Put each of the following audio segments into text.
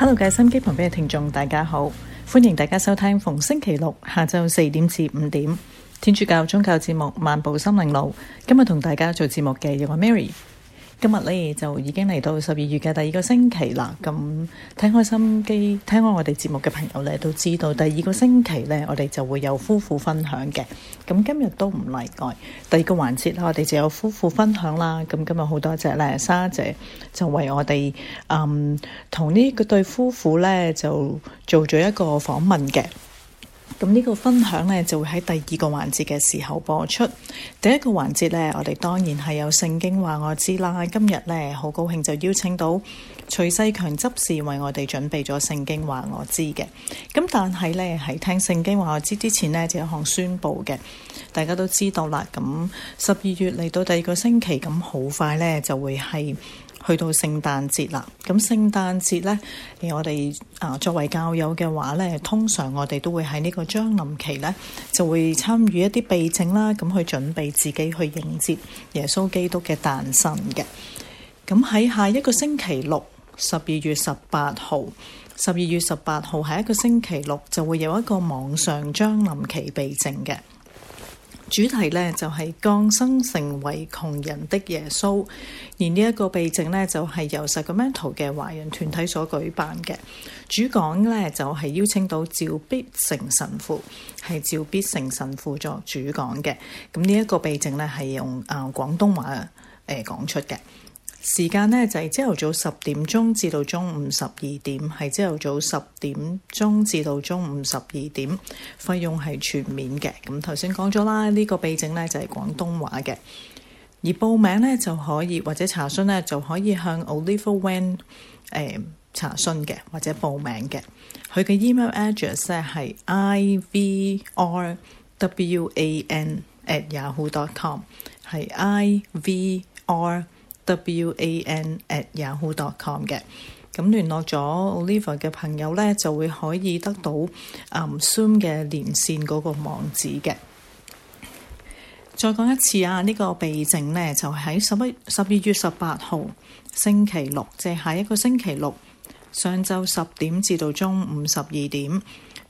hello，計心機旁邊嘅聽眾大家好，歡迎大家收聽逢星期六下晝四點至五點天主教宗教節目漫步心靈路，今日同大家做節目嘅有我 Mary。今日咧就已經嚟到十二月嘅第二個星期啦，咁聽開心機聽開我哋節目嘅朋友咧都知道，第二個星期咧我哋就會有夫婦分享嘅，咁今日都唔例外，第二個環節啦，我哋就有夫婦分享啦，咁今日好多謝咧莎姐就為我哋嗯同呢個對夫婦咧就做咗一個訪問嘅。咁呢個分享呢，就會喺第二個環節嘅時候播出，第一個環節呢，我哋當然係有《聖經話我知》啦。今日呢，好高興就邀請到徐世強執事為我哋準備咗《聖經話我知》嘅。咁但係呢，喺聽《聖經話我知》之前呢，就有一項宣佈嘅，大家都知道啦。咁十二月嚟到第二個星期，咁好快呢就會係去到聖誕節啦，咁聖誕節咧，我哋啊作為教友嘅話呢，通常我哋都會喺呢個將臨期呢，就會參與一啲避靜啦，咁去準備自己去迎接耶穌基督嘅誕生嘅。咁喺下一個星期六，十二月十八號，十二月十八號係一個星期六，就會有一個網上將臨期避靜嘅。主題呢就係、是、降生成為窮人的耶穌，而呢一個避靜呢，就係、是、由 Sacramento 嘅華人團體所舉辦嘅。主講呢，就係、是、邀請到趙必成神父，係趙必成神父作主講嘅。咁呢一個避靜呢，係用啊廣、呃、東話誒講、呃、出嘅。時間呢就係朝頭早十點鐘至到中午十二點，係朝頭早十點鐘至到中午十二點，費用係全免嘅。咁頭先講咗啦，這個、秘呢個備證呢就係、是、廣東話嘅，而報名呢就可以或者查詢呢就可以向 Oliver Wan 誒、呃、查詢嘅或者報名嘅。佢嘅 email address 呢係 ivrwan at yahoo dot com，係 ivr，V R w a n at yahoo dot com 嘅，咁聯絡咗 Oliver 嘅朋友呢，就會可以得到啊、um, Zoom 嘅連線嗰個網址嘅。再講一次啊，呢、這個備註呢，就喺、是、十一十二月十八號星期六，即、就、係、是、下一個星期六上晝十點至到中午十二點，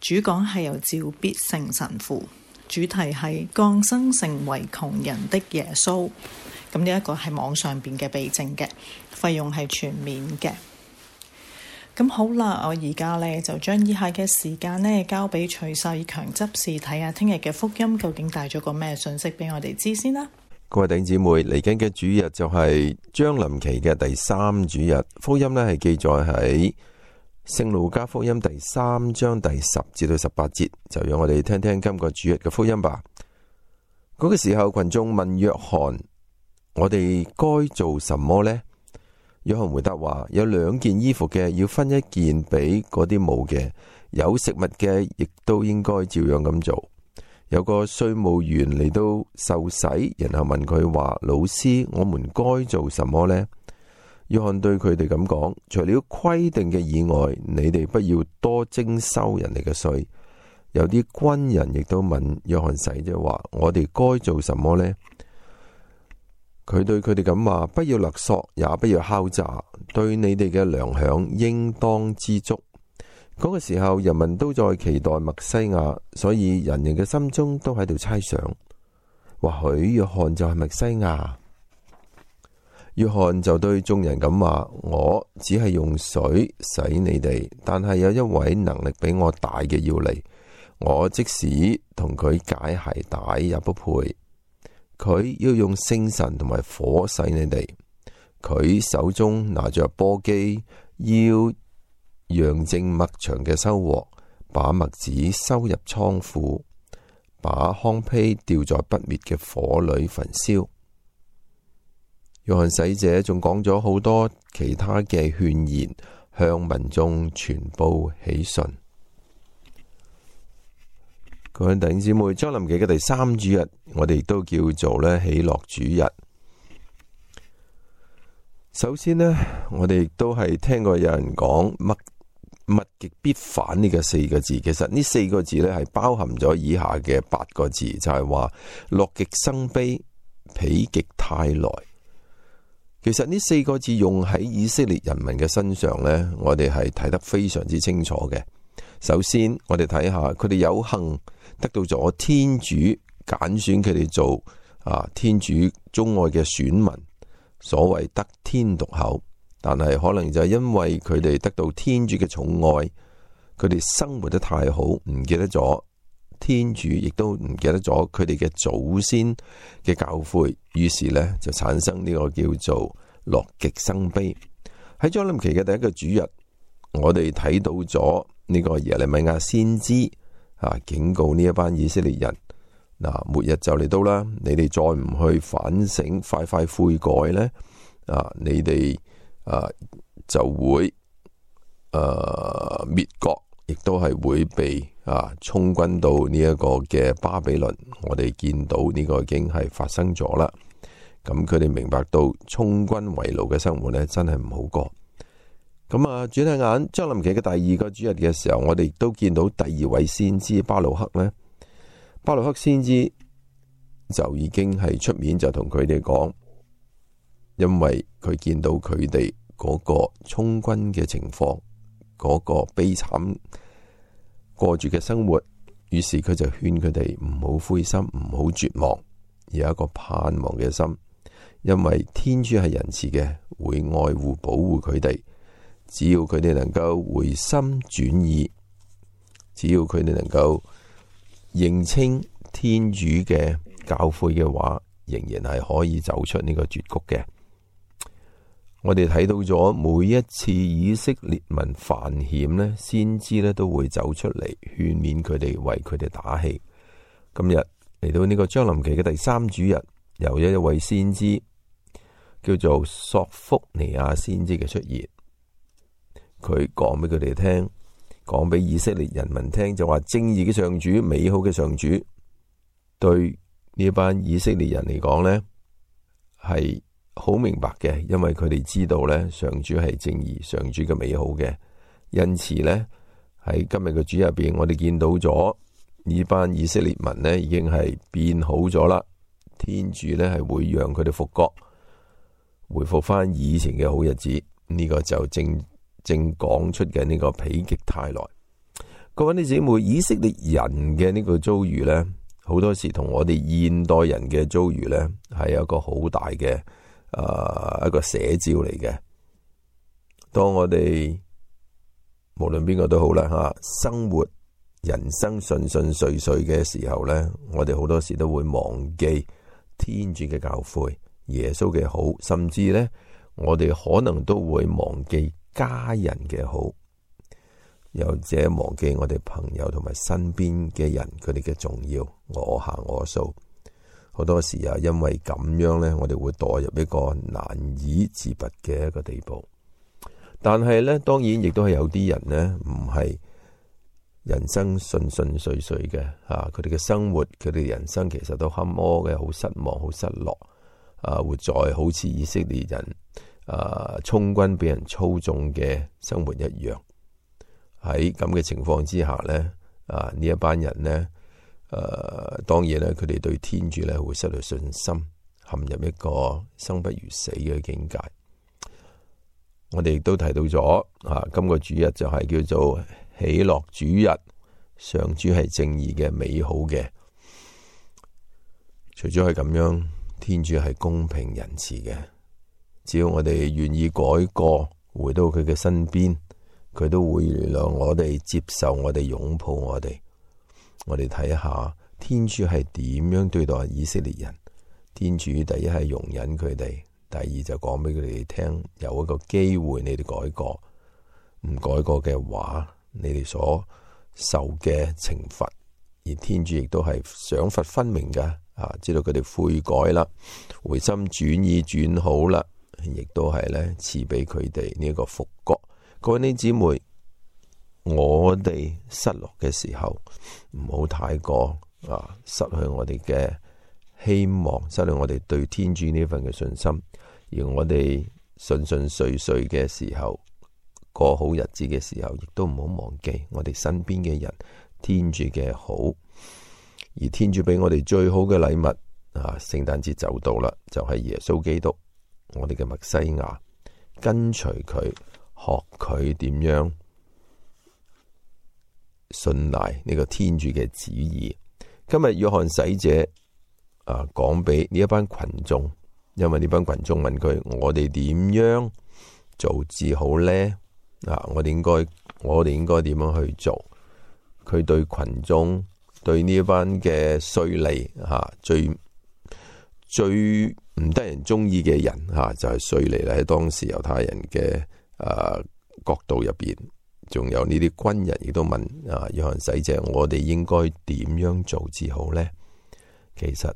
主講係由趙必誠神父，主題係降生成為窮人的耶穌。咁呢一個係網上邊嘅備證嘅費用係全免嘅。咁好啦，我而家呢就將以下嘅時間呢交俾徐世強執事睇下，聽日嘅福音究竟帶咗個咩信息俾我哋知先啦。各位弟兄姊妹，嚟緊嘅主日就係將臨期嘅第三主日，福音呢係記載喺《聖路加福音》第三章第十至到十八節。就讓我哋聽聽今個主日嘅福音吧。嗰、那個時候，群眾問約翰。我哋該做什麼呢？約翰回答話：有兩件衣服嘅，要分一件俾嗰啲冇嘅；有食物嘅，亦都應該照樣咁做。有個稅務員嚟到受洗，然後問佢話：老師，我們該做什麼呢？約翰對佢哋咁講：除了規定嘅以外，你哋不要多徵收人哋嘅稅。有啲軍人亦都問約翰使者話：我哋該做什麼呢？佢對佢哋咁話：不要勒索，也不要敲詐，對你哋嘅糧餉應當知足。嗰個時候，人民都在期待麥西亞，所以人人嘅心中都喺度猜想，或許約翰就係麥西亞。約翰就對眾人咁話：我只係用水洗你哋，但係有一位能力比我大嘅，要嚟，我即使同佢解鞋帶也不配。佢要用聖神同埋火洗你哋。佢手中拿着簸箕，要揚正麥場嘅收穫，把麥子收入倉庫，把糠秕掉在不滅嘅火裏焚燒。約翰洗者仲講咗好多其他嘅勸言，向民眾傳播喜訊。各位弟兄姊妹，將臨期嘅第三主日，我哋都叫做咧喜樂主日。首先呢，我哋都係聽過有人講物極必反呢個四個字，其實呢四個字咧係包含咗以下嘅八個字，就係話樂極生悲、否極泰來。其實呢四個字用喺以色列人民嘅身上咧，我哋係睇得非常之清楚嘅。首先，我哋睇下佢哋有幸得到咗天主揀選佢哋做啊天主鍾愛嘅選民，所謂得天獨厚。但係可能就係因為佢哋得到天主嘅寵愛，佢哋生活得太好，唔記得咗天主，亦都唔記得咗佢哋嘅祖先嘅教誨。於是咧就產生呢個叫做樂極生悲。喺張林奇嘅第一個主日，我哋睇到咗。呢個耶利米亞先知啊，警告呢一班以色列人，嗱、啊、末日就嚟到啦！你哋再唔去反省，快快悔改咧，啊你哋啊就會誒、啊、滅國，亦都係會被啊充軍到呢一個嘅巴比倫。我哋見到呢個已經係發生咗啦。咁佢哋明白到充軍為奴嘅生活咧，真係唔好過。咁啊，轉下、嗯、眼，將臨期嘅第二個主日嘅時候，我哋都見到第二位先知巴魯克咧。巴魯克,克先知就已經係出面就同佢哋講，因為佢見到佢哋嗰個充軍嘅情況，嗰、那個悲慘過住嘅生活，於是佢就勸佢哋唔好灰心，唔好絕望，有一個盼望嘅心，因為天主係仁慈嘅，會愛護保護佢哋。只要佢哋能夠回心轉意，只要佢哋能夠認清天主嘅教誨嘅話，仍然係可以走出呢個絕局嘅。我哋睇到咗每一次以色列民犯險呢，先知咧都會走出嚟勸勉佢哋，為佢哋打氣。今日嚟到呢個將臨期嘅第三主日，又有一位先知叫做索福尼亞先知嘅出現。佢講俾佢哋聽，講俾以色列人民聽，就話正義嘅上主，美好嘅上主，對呢班以色列人嚟講呢係好明白嘅，因為佢哋知道呢，上主係正義，上主嘅美好嘅。因此呢，喺今日嘅主入邊，我哋見到咗呢班以色列民呢已經係變好咗啦。天主呢，係會讓佢哋復國，回復翻以前嘅好日子。呢、呢個就正。正講出嘅呢個否極泰來，各位啲姐妹，以色列人嘅呢個遭遇呢，好多時同我哋現代人嘅遭遇呢，係一個好大嘅啊、呃、一個寫照嚟嘅。當我哋無論邊個都好啦，吓生活人生順順遂遂嘅時候呢，我哋好多時都會忘記天主嘅教誨、耶穌嘅好，甚至呢，我哋可能都會忘記。家人嘅好，又者忘記我哋朋友同埋身邊嘅人佢哋嘅重要，我行我素，好多時啊，因為咁樣呢，我哋會墮入一個難以自拔嘅一個地步。但係呢，當然亦都係有啲人呢，唔係人生順順遂遂嘅，啊，佢哋嘅生活，佢哋人生其實都坎坷嘅，好失望，好失落，啊，活在好似以色列人。啊！充軍俾人操縱嘅生活一樣，喺咁嘅情況之下呢，啊呢一班人呢，誒、啊，當然咧，佢哋對天主咧會失去信心，陷入一個生不如死嘅境界。我哋亦都提到咗啊，今個主日就係叫做喜樂主日，上主係正義嘅、美好嘅。除咗係咁樣，天主係公平仁慈嘅。只要我哋願意改過，回到佢嘅身邊，佢都會原諒我哋，接受我哋，擁抱我哋。我哋睇下天主係點樣對待以色列人。天主第一係容忍佢哋，第二就講俾佢哋聽有一個機會，你哋改過。唔改過嘅話，你哋所受嘅懲罰。而天主亦都係賞罰分明嘅啊，知道佢哋悔改啦，回心轉意轉好啦。亦都係呢，賜俾佢哋呢一個福覺。各位呢姐妹，我哋失落嘅時候唔好太過啊，失去我哋嘅希望，失去我哋對天主呢份嘅信心。而我哋順順遂遂嘅時候，過好日子嘅時候，亦都唔好忘記我哋身邊嘅人，天主嘅好。而天主俾我哋最好嘅禮物啊，聖誕節就到啦，就係耶穌基督。我哋嘅墨西亞，跟隨佢，學佢點樣信賴呢個天主嘅旨意。今日約翰使者啊講俾呢一班群眾，因為呢班群眾問佢：我哋點樣做至好咧？啊，我哋應該，我哋應該點樣去做？佢對群眾對呢一班嘅衰利吓最、啊、最。最唔得人中意嘅人，吓、啊、就係稅吏，喺當時猶太人嘅誒、啊、角度入邊，仲有呢啲軍人亦都問啊，約翰使者，我哋應該點樣做至好呢？其實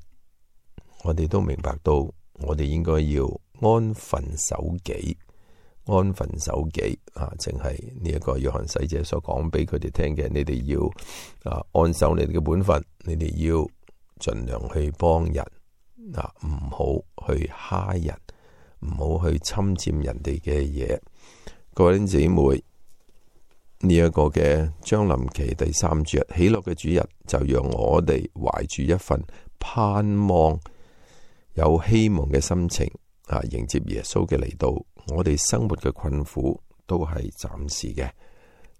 我哋都明白到，我哋應該要安分守己，安分守己啊，淨係呢一個約翰使者所講俾佢哋聽嘅。你哋要啊，安守你哋嘅本分，你哋要盡量去幫人。嗱，唔好、啊、去蝦人，唔好去侵占人哋嘅嘢。各位姊妹，呢、這、一個嘅將臨期第三主日喜樂嘅主日，就讓我哋懷住一份盼望、有希望嘅心情啊，迎接耶穌嘅嚟到。我哋生活嘅困苦都係暫時嘅，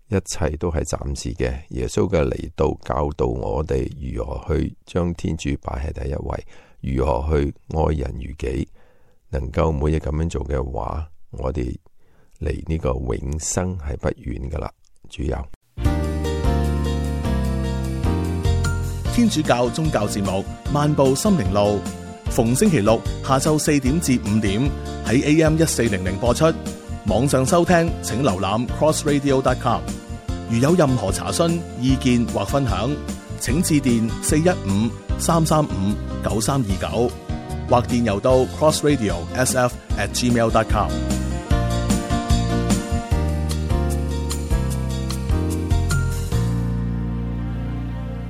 一切都係暫時嘅。耶穌嘅嚟到教導我哋如何去將天主擺喺第一位。如何去愛人如己？能夠每日咁樣做嘅話，我哋離呢個永生係不遠噶啦。主友，天主教宗教節目《漫步心靈路》，逢星期六下晝四點至五點喺 AM 一四零零播出，網上收聽請瀏覽 crossradio.com。如有任何查詢、意見或分享，請致電四一五。三三五九三二九，或電郵到 crossradio.sf@gmail.com。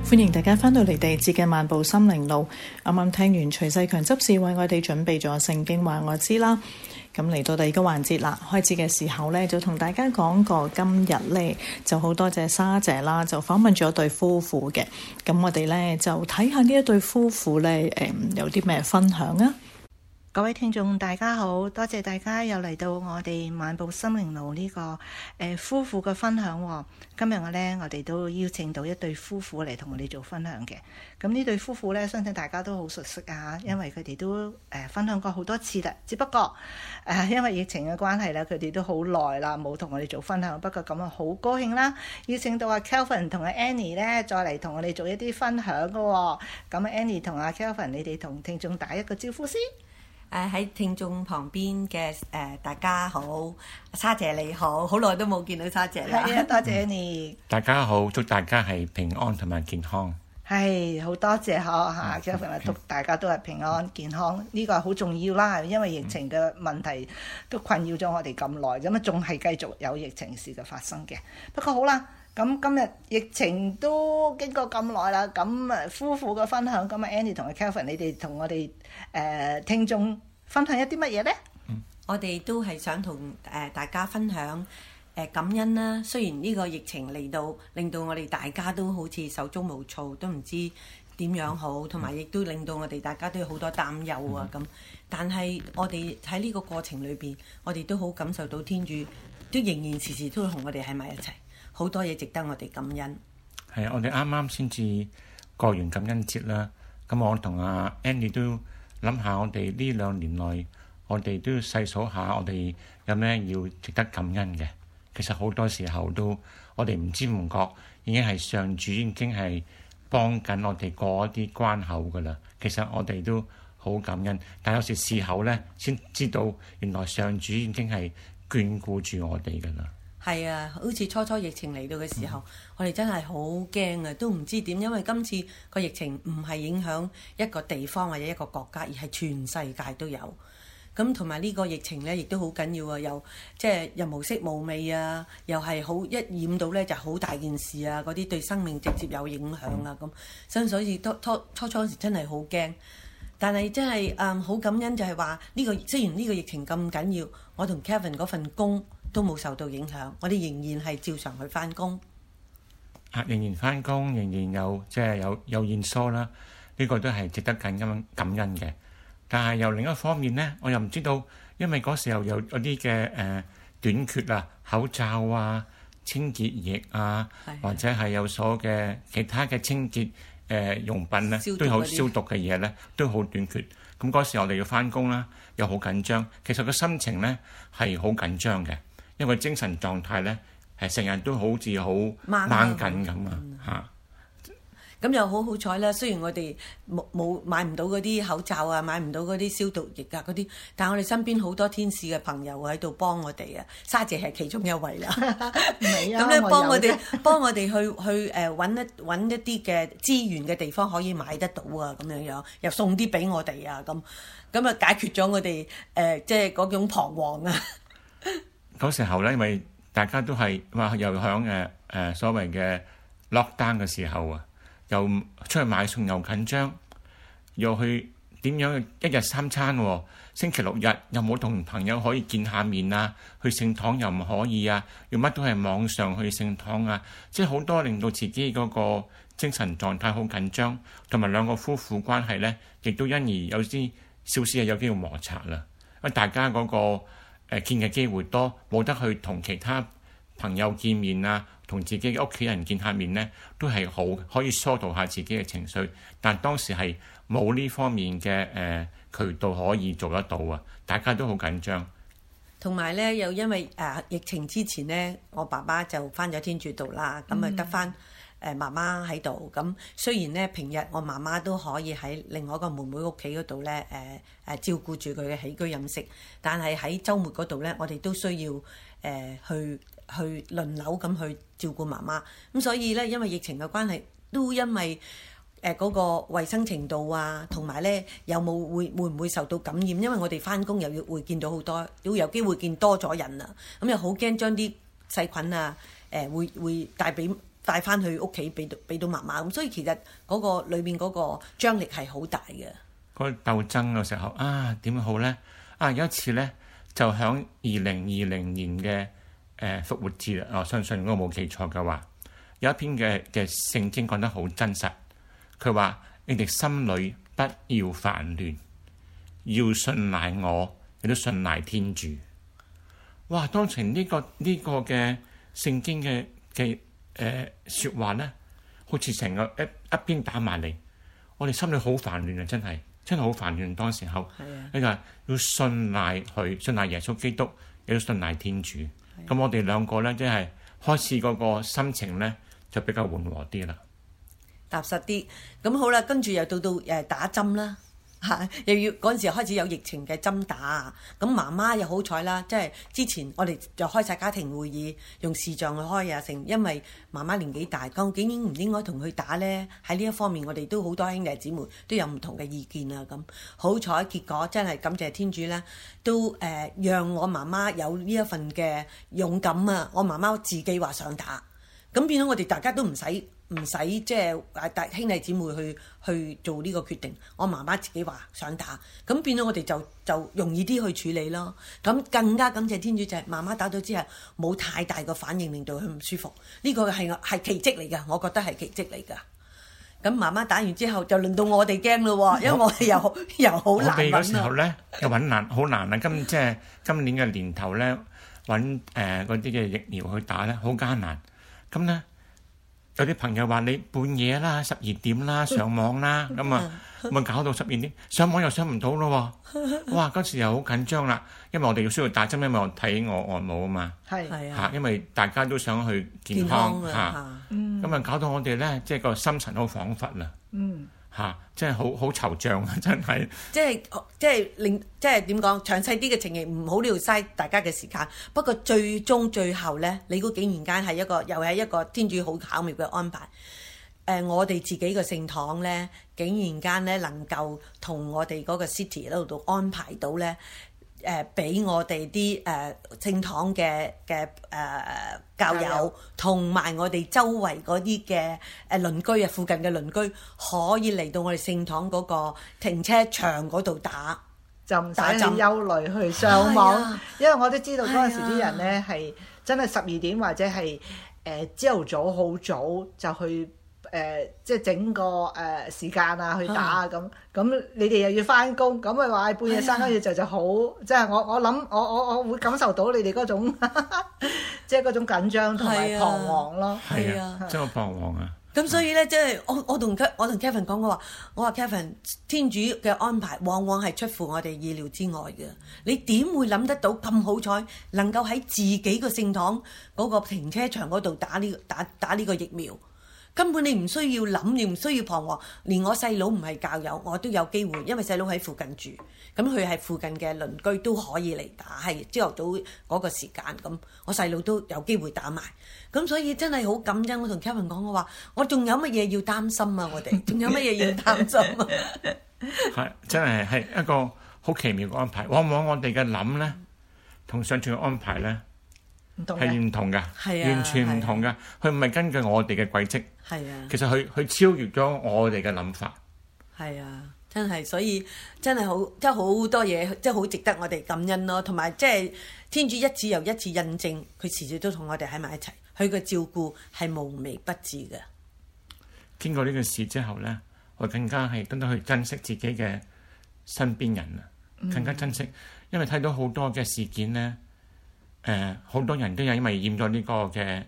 歡迎大家翻到嚟地節嘅漫步心靈路。啱啱聽完徐世強執事為我哋準備咗聖經話我知啦。咁嚟到第二個環節啦，開始嘅時候咧就同大家講過，今日咧就好多謝沙姐啦，就訪問咗對夫婦嘅。咁我哋咧就睇下呢一對夫婦咧誒有啲咩分享啊？各位聽眾，大家好，多謝大家又嚟到我哋漫步森林路呢個誒夫婦嘅分享。今日我咧，我哋都邀請到一對夫婦嚟同我哋做分享嘅。咁呢對夫婦呢，相信大家都好熟悉啊，因為佢哋都誒分享過好多次啦。只不過誒，因為疫情嘅關係咧，佢哋都好耐啦冇同我哋做分享。不過咁啊，好高興啦，邀請到阿 k e l v i n 同阿 Annie 呢，再嚟同我哋做一啲分享嘅。咁 Annie 同阿 Kelvin，你哋同聽眾打一個招呼先。誒喺、呃、聽眾旁邊嘅誒、呃、大家好，沙姐你好，好耐都冇見到沙姐啦。多謝你、嗯。大家好，祝大家係平安同埋健康。係、哎、好多謝朋友，祝大家都係平安、嗯、健康。呢、呢個好重要啦，因為疫情嘅問題都困擾咗我哋咁耐，咁啊仲係繼續有疫情事嘅發生嘅。不過好啦。咁今日疫情都經過咁耐啦，咁誒夫婦嘅分享咁啊，Andy 同阿 Kelvin，l 你哋同我哋誒、呃、聽眾分享一啲乜嘢咧？我哋都係想同誒大家分享誒、呃、感恩啦、啊。雖然呢個疫情嚟到，令到我哋大家都好似手足無措，都唔知點樣好，同埋亦都令到我哋大家都有好多擔憂啊咁。但係我哋喺呢個過程裏邊，我哋都好感受到天主都仍然時時都會同我哋喺埋一齊。好多嘢值得我哋感恩。係啊，我哋啱啱先至過完感恩節啦。咁我同阿 Andy 都諗下，我哋呢兩年內，我哋都要細數下，我哋有咩要值得感恩嘅。其實好多時候都，我哋唔知唔覺已經係上主已經係幫緊我哋過一啲關口㗎啦。其實我哋都好感恩，但有時事後呢，先知道原來上主已經係眷顧住我哋㗎啦。係啊，好似初初疫情嚟到嘅時候，嗯、我哋真係好驚啊，都唔知點，因為今次個疫情唔係影響一個地方或者一個國家，而係全世界都有。咁同埋呢個疫情咧，亦都好緊要啊，又即係、就是、又無色無味啊，又係好一染到咧，就好、是、大件事啊，嗰啲對生命直接有影響啊咁。所以初初初初時真係好驚，但係真係誒好感恩就，就係話呢個雖然呢個疫情咁緊要，我同 Kevin 嗰份工。都冇受到影響，我哋仍然係照常去翻工啊！仍然翻工，仍然有即係有有現疏啦。呢個都係值得緊咁感恩嘅。但係由另一方面咧，我又唔知道，因為嗰時候有嗰啲嘅誒短缺啊，口罩啊、清潔液啊，或者係有所嘅其他嘅清潔誒用品咧，都好消毒嘅嘢咧，都好短缺。咁嗰時候我哋要翻工啦，又好緊張。其實個心情咧係好緊張嘅。因為精神狀態咧，係成日都好似好掹緊咁啊！嚇、嗯，咁又好好彩啦！雖然我哋冇冇買唔到嗰啲口罩啊，買唔到嗰啲消毒液啊嗰啲，但係我哋身邊好多天使嘅朋友喺度幫我哋啊！沙姐係其中一位啦、啊，咁 咧、 啊 嗯、幫我哋有 幫我哋去去誒搵一搵一啲嘅資源嘅地方可以買得到啊！咁樣樣又送啲俾我哋啊！咁咁啊解決咗我哋誒即係嗰種彷徨啊！ 嗰時候咧，因為大家都係話又響誒誒所謂嘅 lockdown 嘅時候啊，又出去買餸又緊張，又去點樣一日三餐喎？星期六日又冇同朋友可以見下面啊，去聖堂又唔可以啊，要乜都係網上去聖堂啊，即係好多令到自己嗰個精神狀態好緊張，同埋兩個夫婦關係呢，亦都因而有啲小事係有機會摩擦啦，因為大家嗰個。誒見嘅機會多，冇得去同其他朋友見面啊，同自己嘅屋企人見下面呢，都係好可以疏導下自己嘅情緒。但當時係冇呢方面嘅誒、呃、渠道可以做得到啊，大家都好緊張。同埋呢，又因為誒、啊、疫情之前呢，我爸爸就翻咗天主道啦，咁啊得翻。誒媽媽喺度，咁雖然咧平日我媽媽都可以喺另外一個妹妹屋企嗰度咧，誒、呃、誒照顧住佢嘅起居飲食，但係喺週末嗰度咧，我哋都需要誒、呃、去去輪流咁去照顧媽媽。咁所以咧，因為疫情嘅關係，都因為誒嗰個衞生程度啊，同埋咧有冇會會唔會受到感染？因為我哋返工又要會見到好多，會有機會見多咗人啦。咁又好驚將啲細菌啊，誒、呃、會會帶俾。帶翻去屋企俾到俾到媽媽咁，所以其實嗰個裏面嗰個張力係好大嘅。嗰個鬥爭嘅時候啊，點好咧啊？有一次咧，就響二零二零年嘅誒復活節啊，我相信如果我冇記錯嘅話，有一篇嘅嘅聖經講得好真實，佢話：你哋心裏不要煩亂，要信賴我，亦都信賴天主。哇！當前呢個呢個嘅聖經嘅嘅。誒說、欸、話咧，好似成個一一邊打埋嚟，我哋心裏好煩亂啊！真係，真係好煩亂，當時候。係呢個要信賴佢，信賴耶穌基督，亦都信賴天主。係的。咁我哋兩個咧，即係開始嗰個心情咧，就比較緩和啲啦。踏實啲，咁好啦，跟住又到到誒打針啦。啊、又要嗰陣時開始有疫情嘅針打，咁媽媽又好彩啦，即係之前我哋就開晒家庭會議，用視像去開啊，成因為媽媽年紀大，究竟應唔應該同佢打呢？喺呢一方面，我哋都好多兄弟姊妹都有唔同嘅意見啊！咁好彩結果真係感謝天主呢，都誒、呃、讓我媽媽有呢一份嘅勇敢啊！我媽媽自己話想打，咁變咗我哋大家都唔使。唔使即係大兄弟姊妹去去做呢個決定，我媽媽自己話想打，咁變咗我哋就就容易啲去處理咯。咁更加感謝天主就係媽媽打咗之後冇太大個反應，令到佢唔舒服。呢個係係奇蹟嚟噶，我覺得係奇蹟嚟噶。咁媽媽打完之後就輪到我哋驚咯，因為我哋又、啊、又好難揾咯。咁時候呢，又揾難，好難啊！今 即係今年嘅年頭呢，揾誒嗰啲嘅疫苗去打呢，好艱難。咁咧。有啲朋友話你半夜啦、十二點啦上網啦，咁啊咪搞到十二點 上網又上唔到咯哇，嗰時又好緊張啦，因為我哋要需要打針，因為我睇我外母啊嘛，嚇是！因為大家都想去健康嚇，咁啊搞到我哋咧即係個心神好恍惚啦。嗯嚇！真係好好惆悵啊，真係。即係即係令即係點講詳細啲嘅情形唔好喺度嘥大家嘅時間。不過最終最後咧，你估竟然間係一個又係一個天主好巧妙嘅安排。誒、呃，我哋自己嘅聖堂咧，竟然間咧能夠同我哋嗰個 city 喺度安排到咧。誒，俾我哋啲誒聖堂嘅嘅誒教友，同埋我哋周圍嗰啲嘅誒鄰居啊，附近嘅鄰居可以嚟到我哋聖堂嗰個停車場嗰度打，就唔使你憂慮去上網，哎、呀因為我都知道嗰陣時啲人咧係、哎、呀真係十二點或者係誒朝頭早好早就去。誒、呃，即係整個誒、呃、時間啊，去打啊咁，咁你哋又要翻工，咁咪話半夜三更要就就好，即係我我諗我我我會感受到你哋嗰種， 即係嗰種緊張同埋彷徨咯。係啊，真係彷徨啊！咁所以咧，即係我我同我同 Kevin 講，我，我話我話 Kevin，天主嘅安排往往係出乎我哋意料之外嘅。你點會諗得到咁好彩，能夠喺自己個聖堂嗰個停車場嗰度打呢、呢個、打打呢個疫苗？根本你唔需要諗，你唔需要彷徨。連我細佬唔係教友，我都有機會，因為細佬喺附近住，咁佢係附近嘅鄰居都可以嚟打。係朝頭早嗰個時間，咁我細佬都有機會打埋。咁所以真係好感恩。我同 Kevin 講，我話我仲有乜嘢要擔心啊？我哋仲有乜嘢要擔心啊？係 真係係一個好奇妙嘅安排。往往我哋嘅諗咧，同上主嘅安排咧。係唔同嘅。係啊、完全唔同嘅。佢唔係根據我哋嘅軌跡，係啊、其實佢佢超越咗我哋嘅諗法。係啊，真係，所以真係好，即係好多嘢，即係好值得我哋感恩咯。同埋即係天主一次又一次印證，佢持續都同我哋喺埋一齊。佢嘅照顧係無微不至嘅。經過呢件事之後呢，我更加係真真去珍惜自己嘅身邊人啊！更加珍惜，嗯、因為睇到好多嘅事件呢。誒、好、呃、多人都有因為染咗呢個嘅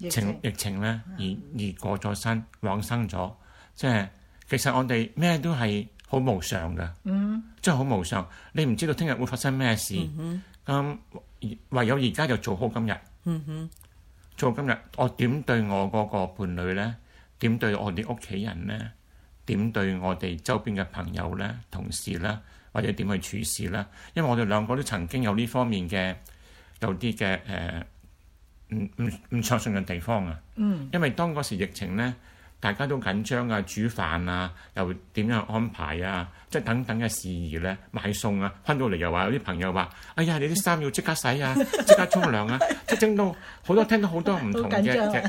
誒情疫情咧，而而過咗身，往生咗。即係其實我哋咩都係好無常嘅，mm hmm. 即係好無常。你唔知道聽日會發生咩事。咁、mm hmm. 嗯、唯有而家就做好今日，mm hmm. 做今日我點對我嗰個伴侶咧？點對我哋屋企人咧？點對我哋周邊嘅朋友咧、同事咧，或者點去處事咧？因為我哋兩個都曾經有呢方面嘅有啲嘅誒，唔唔唔自信嘅地方啊。嗯。因為當嗰時疫情咧。大家都緊張啊，煮飯啊，又點樣安排啊，即係等等嘅事宜咧，買餸啊，翻到嚟又話有啲朋友話，哎呀，你啲衫要即刻洗啊，即刻沖涼啊，即係整到好多聽到好多唔同嘅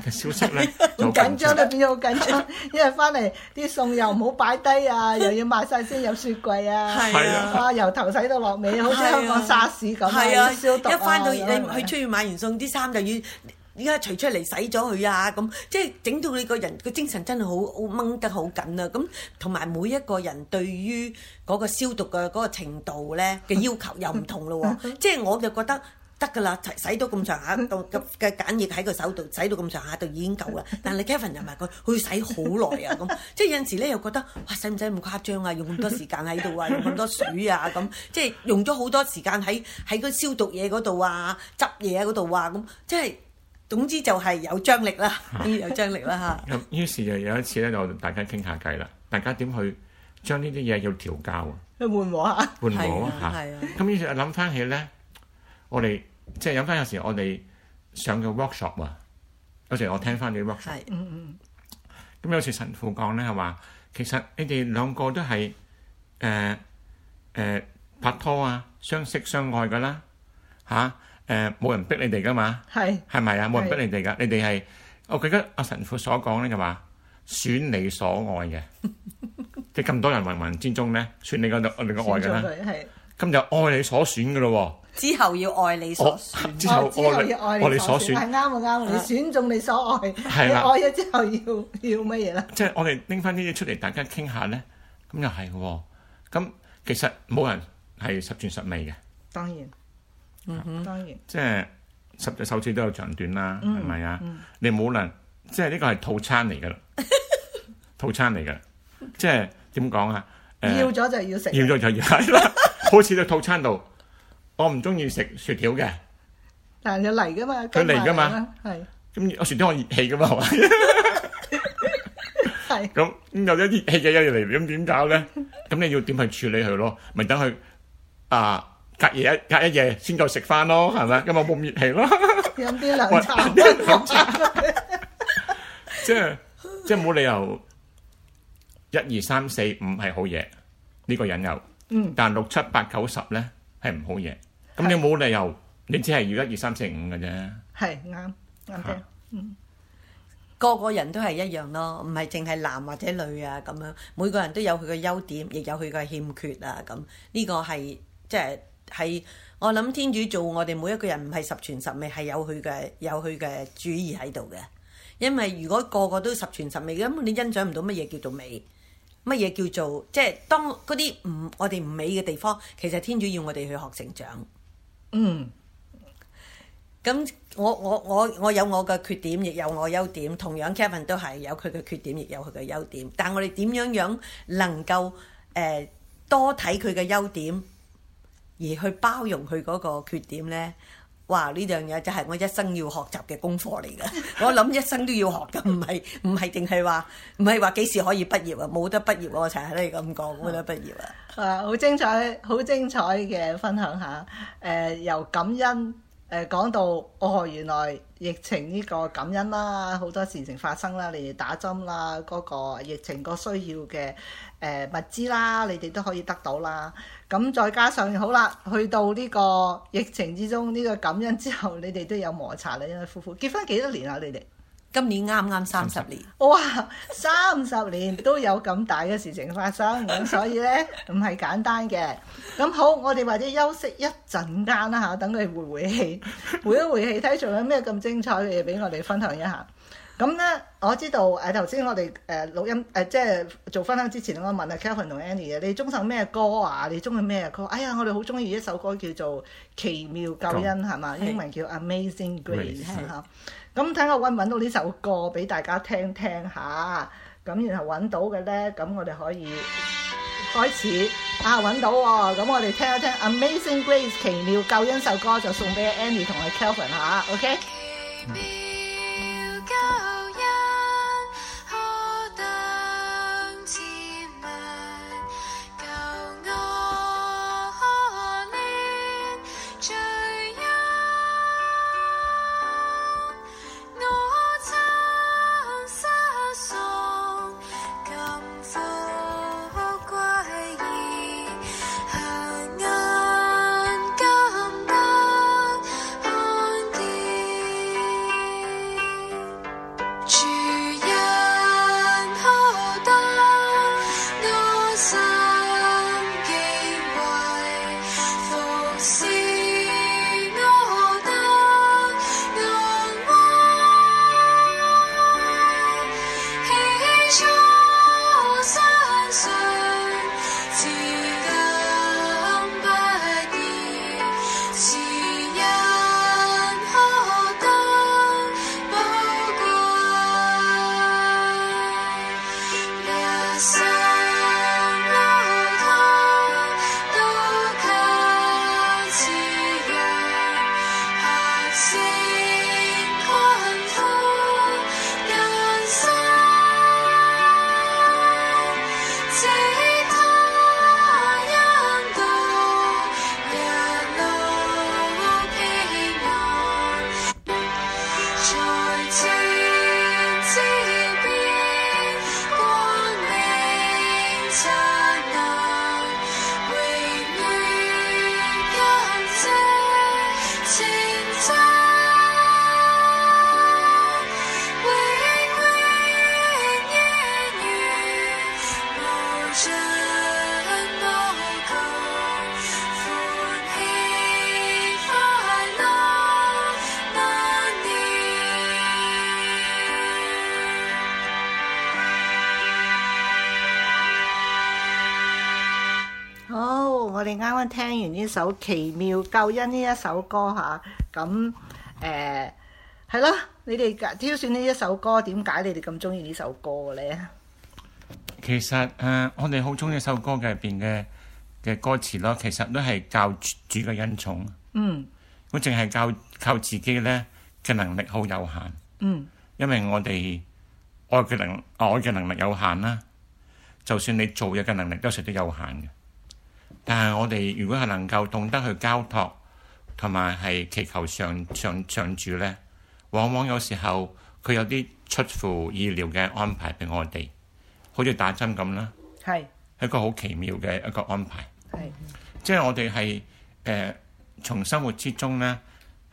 消息咧，就緊張， 緊張都變咗好緊張，因為翻嚟啲餸又唔好擺低啊，又要買晒先有雪櫃啊，哇、啊啊，由頭洗到落尾，好似香港沙士咁啊，要消毒啊，啊，啊，一翻到對你去出去買完餸，啲衫就要。依家除出嚟洗咗佢啊，咁即係整到你個人個精神真係好掹得好緊啊！咁同埋每一個人對於嗰個消毒嘅嗰個程度咧嘅要求又唔同咯喎，即係我就覺得得㗎啦，洗到咁上下度嘅梘液喺個手度洗到咁上下度已經夠啦。但係 Kevin 又唔係佢，佢洗好耐啊咁，即係有陣時咧又覺得哇，使唔使咁誇張啊？用咁多時間喺度啊，用咁多水啊咁，即係用咗好多時間喺喺個消毒嘢嗰度啊、執嘢嗰度啊咁，即係。總之就係有張力啦，有張力啦嚇。咁於是就有一次咧，就大家傾下偈啦。大家點去將呢啲嘢要調教啊？去換和啊？換和嚇。咁於是諗翻起咧，我哋即係諗翻有時我哋上嘅 workshop 啊，有時我聽翻你啲 workshop。嗯嗯。咁有時神父講咧係話，其實你哋兩個都係誒誒拍拖啊，相識相愛噶啦嚇。誒，冇人逼你哋噶嘛？係係咪啊？冇人逼你哋噶，你哋係我記得阿神父所講咧就話選你所愛嘅，即係咁多人芸芸之中咧，選你個你個愛噶啦，咁就愛你所選噶咯。之後要愛你所。我之後愛我你所選。啱啊啱，你選中你所愛，你愛咗之後要要乜嘢啦？即係我哋拎翻呢啲出嚟，大家傾下咧，咁又係喎。咁其實冇人係十全十美嘅。當然。嗯，當然，即係十隻手指都有長短啦，係咪啊？你冇論，即係呢個係套餐嚟噶啦，套餐嚟噶啦，即係點講啊？要咗就要食，要咗就要食，好似個套餐度，我唔中意食薯條嘅，但係你嚟噶嘛，佢嚟噶嘛，係咁，薯條我熱氣噶嘛，係咪？係咁，有一啲熱氣嘅，有嘢嚟，咁點搞咧？咁你要點去處理佢咯？咪等佢啊？隔夜一隔一夜先再食翻咯，係咪？咁啊冇熱氣咯，飲啲涼茶，飲茶，即係即係冇理由，一二三四五係好嘢，呢個引誘。嗯。但六七八九十咧係唔好嘢，咁你冇理由，你只係要一二三四五㗎啫。係啱啱嘅，嗯。個個人都係一樣咯，唔係淨係男或者女啊咁樣，每個人都有佢嘅優點，亦有佢嘅欠缺啊咁。呢個係即係。係我諗天主做我哋每一個人唔係十全十美，係有佢嘅有佢嘅主意喺度嘅。因為如果個個都十全十美嘅，咁你欣賞唔到乜嘢叫做美，乜嘢叫做即係當嗰啲唔我哋唔美嘅地方，其實天主要我哋去學成長。嗯，咁我我我我有我嘅缺點，亦有我優點。同樣 Kevin 都係有佢嘅缺點，亦有佢嘅優點。但係我哋點樣樣能夠誒、呃、多睇佢嘅優點？而去包容佢嗰個缺點呢？哇！呢樣嘢就係我一生要學習嘅功課嚟㗎，我諗一生都要學噶，唔係唔係淨係話，唔係話幾時可以畢業啊？冇得畢業喎，我成日都咁講冇得畢業 啊！好精彩，好精彩嘅分享下，誒、呃、由感恩。誒，講到哦，原來疫情呢個感恩啦，好多事情發生啦，例如打針啦，嗰、那個疫情個需要嘅誒、呃、物資啦，你哋都可以得到啦。咁再加上好啦，去到呢個疫情之中，呢個感恩之後，你哋都有摩擦啦，因為夫婦結婚幾多年啦、啊，你哋？今年啱啱三十年，哇！三十年都有咁大嘅事情發生，咁 所以呢，唔係簡單嘅。咁好，我哋或者休息一陣間啦嚇，等佢回回氣，回一回氣睇仲有咩咁精彩嘅嘢俾我哋分享一下。咁呢，我知道誒頭先我哋誒錄音誒、呃，即係做分享之前，我問阿 Kevin 同 Annie 嘅，你中意咩歌啊？你中意咩歌？哎呀，我哋好中意一首歌叫做《奇妙救恩》係嘛？英文叫 Amazing Grace Amazing Grace 咁睇下揾唔揾到呢首歌俾大家聽聽下，咁然後揾到嘅咧，咁我哋可以開始。啊，揾到喎、哦！咁我哋聽一聽《Amazing Grace》奇妙救恩首歌，就送俾 Andy 同阿 Kelvin 吓。OK？嗯。呢首奇妙救恩呢一首歌吓，咁誒係咯，你哋挑選呢一首歌，點解你哋咁中意呢首歌咧？其實誒，我哋好中意一首歌嘅入邊嘅嘅歌詞咯。其實都係教主嘅恩寵。嗯，我淨係教靠自己咧嘅能力好有限。嗯，因為我哋我嘅能我嘅能力有限啦，就算你做嘢嘅能力都係都有限嘅。但係我哋如果係能夠懂得去交託，同埋係祈求上上上主咧，往往有時候佢有啲出乎意料嘅安排俾我哋，好似打針咁啦，係是一個好奇妙嘅一個安排。是即係我哋係誒從生活之中咧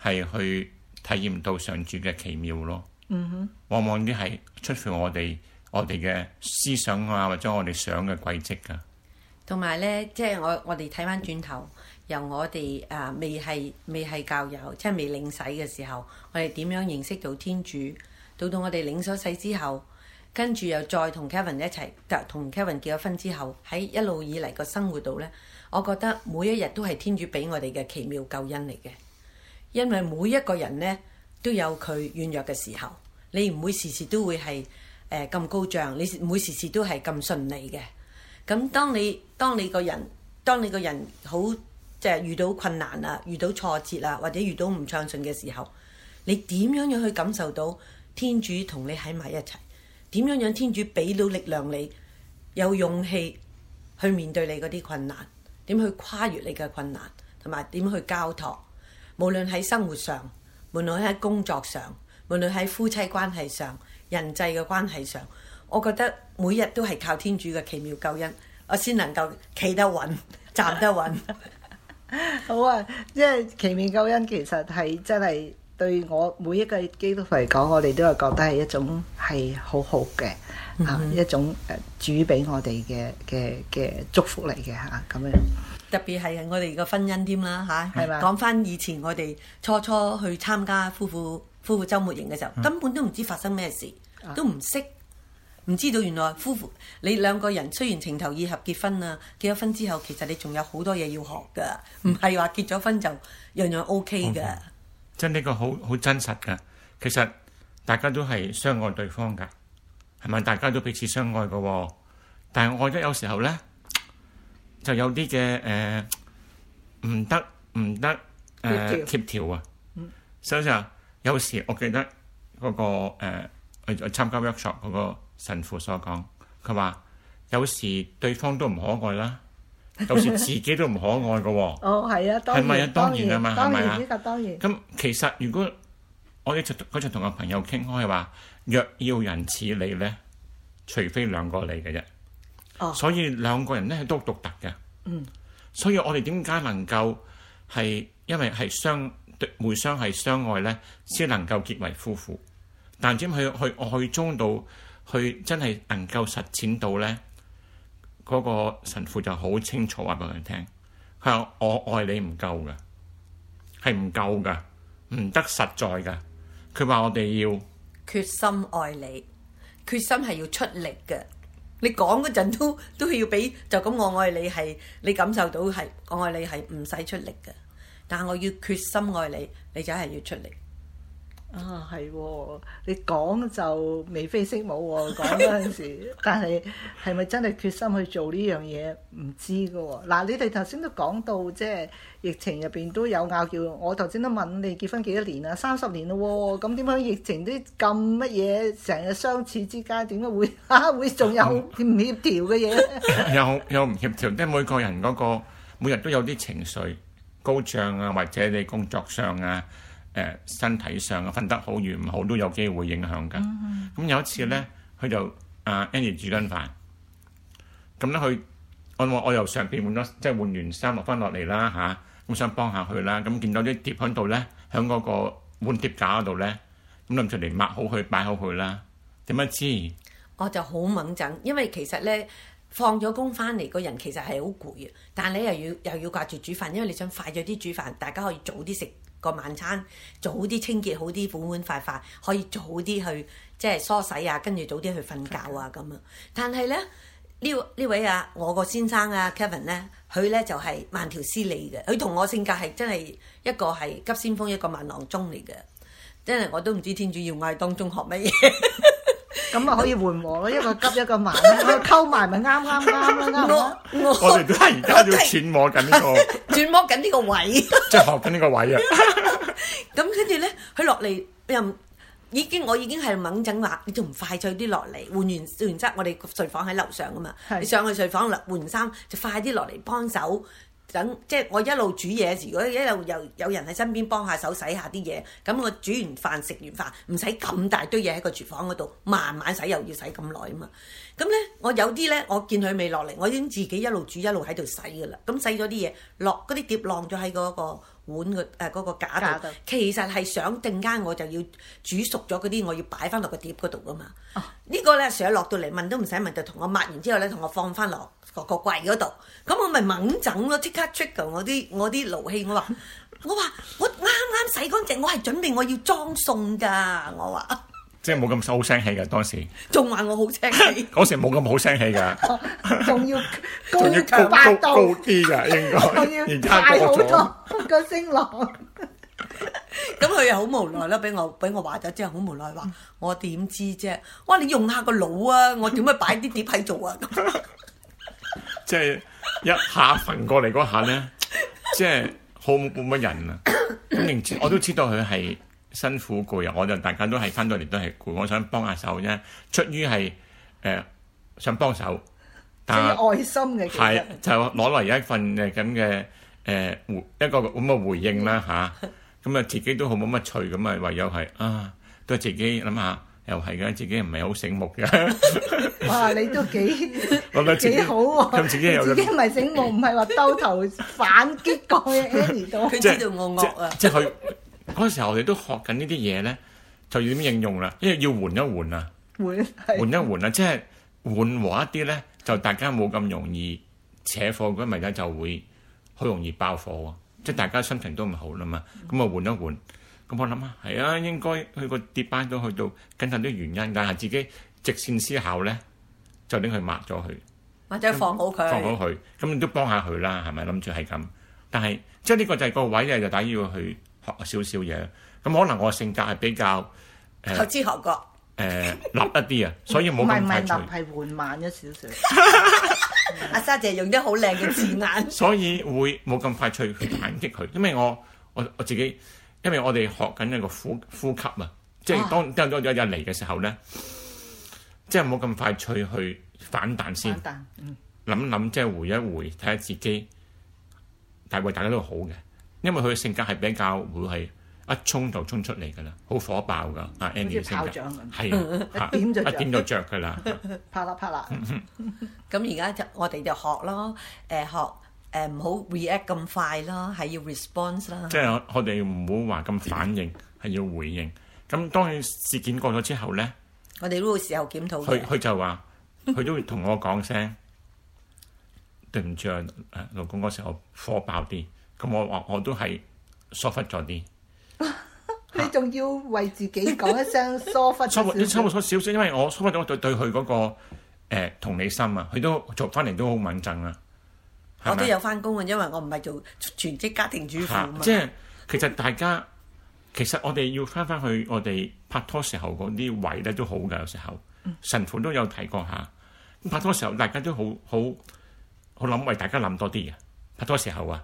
係去體驗到上主嘅奇妙咯。嗯哼，往往啲係出乎我哋我哋嘅思想啊，或者我哋想嘅軌跡㗎、啊。同埋咧，即係我我哋睇翻轉頭，由我哋啊未係未係教友，即係未領洗嘅時候，我哋點樣認識到天主？到到我哋領咗洗之後，跟住又再同 Kevin 一齊，同 Kevin 結咗婚之後，喺一路以嚟個生活度咧，我覺得每一日都係天主俾我哋嘅奇妙救恩嚟嘅。因為每一個人咧都有佢軟弱嘅時候，你唔會時時都會係誒咁高漲，你唔會時時都係咁順利嘅。咁當你當你個人當你個人好即係遇到困難啊，遇到挫折啊，或者遇到唔暢順嘅時候，你點樣樣去感受到天主同你喺埋一齊？點樣樣天主俾到力量你有勇氣去面對你嗰啲困難？點去跨越你嘅困難？同埋點去交託？無論喺生活上，無論喺工作上，無論喺夫妻關係上、人際嘅關係上。我覺得每日都係靠天主嘅奇妙救恩，我先能夠企得穩、站得穩。 好啊，即係奇妙救恩，其實係真係對我每一個基督徒嚟講，我哋都係覺得係一種係好好嘅、嗯哼啊、一種誒主俾我哋嘅嘅嘅祝福嚟嘅嚇咁樣。特別係我哋嘅婚姻添啦嚇，啊、嗎講返以前我哋初初去參加夫婦夫婦周末營嘅時候，根本都唔知發生咩事，都唔識、啊。唔知道原來夫婦你兩個人雖然情投意合結婚啊，結咗婚之後其實你仲有好多嘢要學㗎，唔係話結咗婚就樣樣 OK 㗎。即係呢個好好真實㗎，其實大家都係相愛對方㗎，係咪？大家都彼此相愛㗎喎、哦，但係我覺得有時候咧就有啲嘅誒唔得唔得誒協、呃、調、調啊，嗯、所以就有時我記得嗰、那個去、呃、參加 workshop 嗰、那個。神父所講，佢話：有時對方都唔可愛啦， 有時自己都唔可愛嘅喎。 哦，係啊，係咪啊？當然啊嘛，係咪啊？當然呢個當然。咁其實如果我哋就嗰陣同個朋友傾開話，若要人似你咧，除非兩個你嘅啫。哦。所以兩個人咧係都獨特嘅。嗯。所以我哋點解能夠係因為係相 mutual 係相愛咧，先能夠結為夫婦。但點去去愛中到？佢真係能夠實踐到呢，嗰個神父就好清楚話俾佢聽，佢話我愛你唔夠㗎，係唔夠㗎，唔得實在㗎。佢話我哋要決心愛你，決心係要出力嘅。你講嗰陣都都要俾，就咁我愛你係你感受到係我愛你係唔使出力嘅，但係我要決心愛你，你就係要出力。啊，係、哦哦、你講就眉飛色舞喎、哦，講嗰陣時。 但係係咪真係決心去做呢樣嘢唔知㗎喎、哦？嗱，你哋頭先都講到即係疫情入邊都有拗撬。我頭先都問你，你結婚幾多年啦？三十年咯喎、哦！咁點解疫情啲咁乜嘢成日相處之間，點解會嚇、啊、會仲有唔協調嘅嘢？有有唔協調，即係每個人嗰、那個每日都有啲情緒高漲啊，或者你工作上啊。誒身體上啊，瞓得好與唔好都有機會影響嘅。咁有一次咧，佢就阿 Andy 煮緊飯，咁咧佢我我我由上邊換咗即係換完衫落翻落嚟啦嚇，咁想幫下佢啦，咁見到啲碟喺度咧，喺嗰個碗碟架嗰度咧，咁拎出嚟抹好佢擺好佢啦。點樣知？我就好猛震，因為其實咧放咗工翻嚟個人其實係好攰啊，但係你又要又要掛住煮飯，因為你想快咗啲煮飯，大家可以早啲食。個晚餐早啲清潔好啲，碗碗筷筷，可以早啲去即係梳洗啊，跟住早啲去瞓覺啊咁啊。但係咧呢呢位啊，我個先生啊 Kevin 咧，佢咧就係、是、慢條斯理嘅，佢同我性格係真係一個係急先鋒，一個慢郎中嚟嘅。真係我都唔知天主要我喺當中學乜嘢。咁啊，可以緩和咯，一個急一個慢咯，溝埋咪啱啱啱啱咯。我哋都係而家要轉摩緊呢個，轉摩緊呢個位，即係學緊呢個位啊。咁跟住咧，佢落嚟又已經我已經係掹整喇，你仲唔快脆啲落嚟換完完之後，我哋睡房喺樓上㗎嘛，你上去睡房啦，換衫就快啲落嚟幫手。等即係我一路煮嘢，如果一路又有人喺身邊幫下手洗下啲嘢，咁我煮完飯食完飯，唔使咁大堆嘢喺個廚房嗰度，慢慢洗又要洗咁耐啊嘛。咁咧，我有啲咧，我見佢未落嚟，我已經自己一路煮一路喺度洗㗎啦。咁洗咗啲嘢，落嗰啲碟晾咗喺嗰個碗、呃那個誒嗰架其實係想定間，我就要煮熟咗嗰啲，我要擺翻落個碟嗰度噶嘛。哦、個呢個咧，成日落到嚟問都唔使問，就同我抹完之後咧，同我放翻落個個櫃嗰度。咁、嗯嗯、我咪猛整咯，即刻出 r 我啲我啲爐氣。我話我話我啱啱洗乾淨，我係準備我要裝餸㗎。我話。我即係冇咁收聲氣嘅當時，仲話我聲 好聲氣。嗰時冇咁好聲氣嘅，仲要高八度啲㗎，應該，大好多個聲浪。咁佢又好無奈啦，俾我俾我話咗之後，好無奈話：我點知啫？哇，你用下個腦啊！我點解擺啲碟喺度啊？即 係 一下瞓過嚟嗰下咧，即係好冇乜人啊！嗯、我都知道佢係。辛苦攰啊！我就大家都係翻到嚟都係攰，我想幫下手啫。出於係誒想幫手，但有愛心嘅，係就攞嚟一份嘅咁嘅誒回一個咁嘅回應啦吓，咁啊自己都好冇乜趣咁啊，唯有係啊都自己諗下又係嘅，自己唔係好醒目嘅。 哇！你都幾 幾好喎、啊？咁 自己又。自己唔係醒目，唔係話兜頭反擊過去佢知道我惡啊！即 係。 嗰時候我哋都學緊呢啲嘢咧，就要點應用啦？因為要緩一緩啊，緩係緩一緩啊，即係緩和一啲咧，就大家冇咁容易扯貨嗰啲物就會好容易爆貨喎、啊。嗯、即係大家心情都唔好啦嘛，咁啊緩一緩。咁我諗啊，係啊，應該去個跌班都去到跟曬啲原因，但係自己直線思考咧，就拎佢抹咗佢，或者放好佢、嗯，放好佢。咁你都幫下佢啦，係咪諗住係咁？但係即係呢個就係個位啊，就打要去。學少少嘢，咁、嗯、可能我性格係比較、呃、後知後覺，誒、 呃、立一啲啊，所以冇咁唔係立，係緩慢一少少。阿、 啊、沙姐用啲好靚嘅字眼， 所以會冇咁快脆去反擊佢，因為我我我自己，因為我哋學緊一個呼呼吸啊，即係當、啊、當多咗人嚟嘅時候咧，即係冇咁快脆去，去反彈先，諗諗即係回一回，睇下自己，大部大家都好嘅。因為佢嘅性格係比較會係一衝就衝出嚟噶啦，好火爆噶。啊，Andy 性格係一點就著噶啦，啪啦啪啦。咁而家就我哋就學咯，誒學誒唔好 react 咁快咯，係要 response 啦。即係我哋唔好話咁反應，係要回應。咁當事件過咗之後咧，我哋都會事後檢討。佢佢就話，佢都會同我講聲，對唔住啊，老公嗰時候火爆啲。咁我話我都係疏忽咗啲， 你仲要為自己講一聲疏忽。 疏忽，疏忽咗少少，因為我疏忽咗對對佢嗰、嗰個、欸、同理心啊。佢都做翻嚟都好穩陣啊。我都有翻工啊，因為我唔係做全職家庭主婦 即係其實大家其實我哋要翻翻去我哋拍拖時候嗰啲位咧都好噶。有時候、嗯、神父都有提過下，拍拖時候大家都好好好諗為大家諗多啲啊。拍拖時候啊。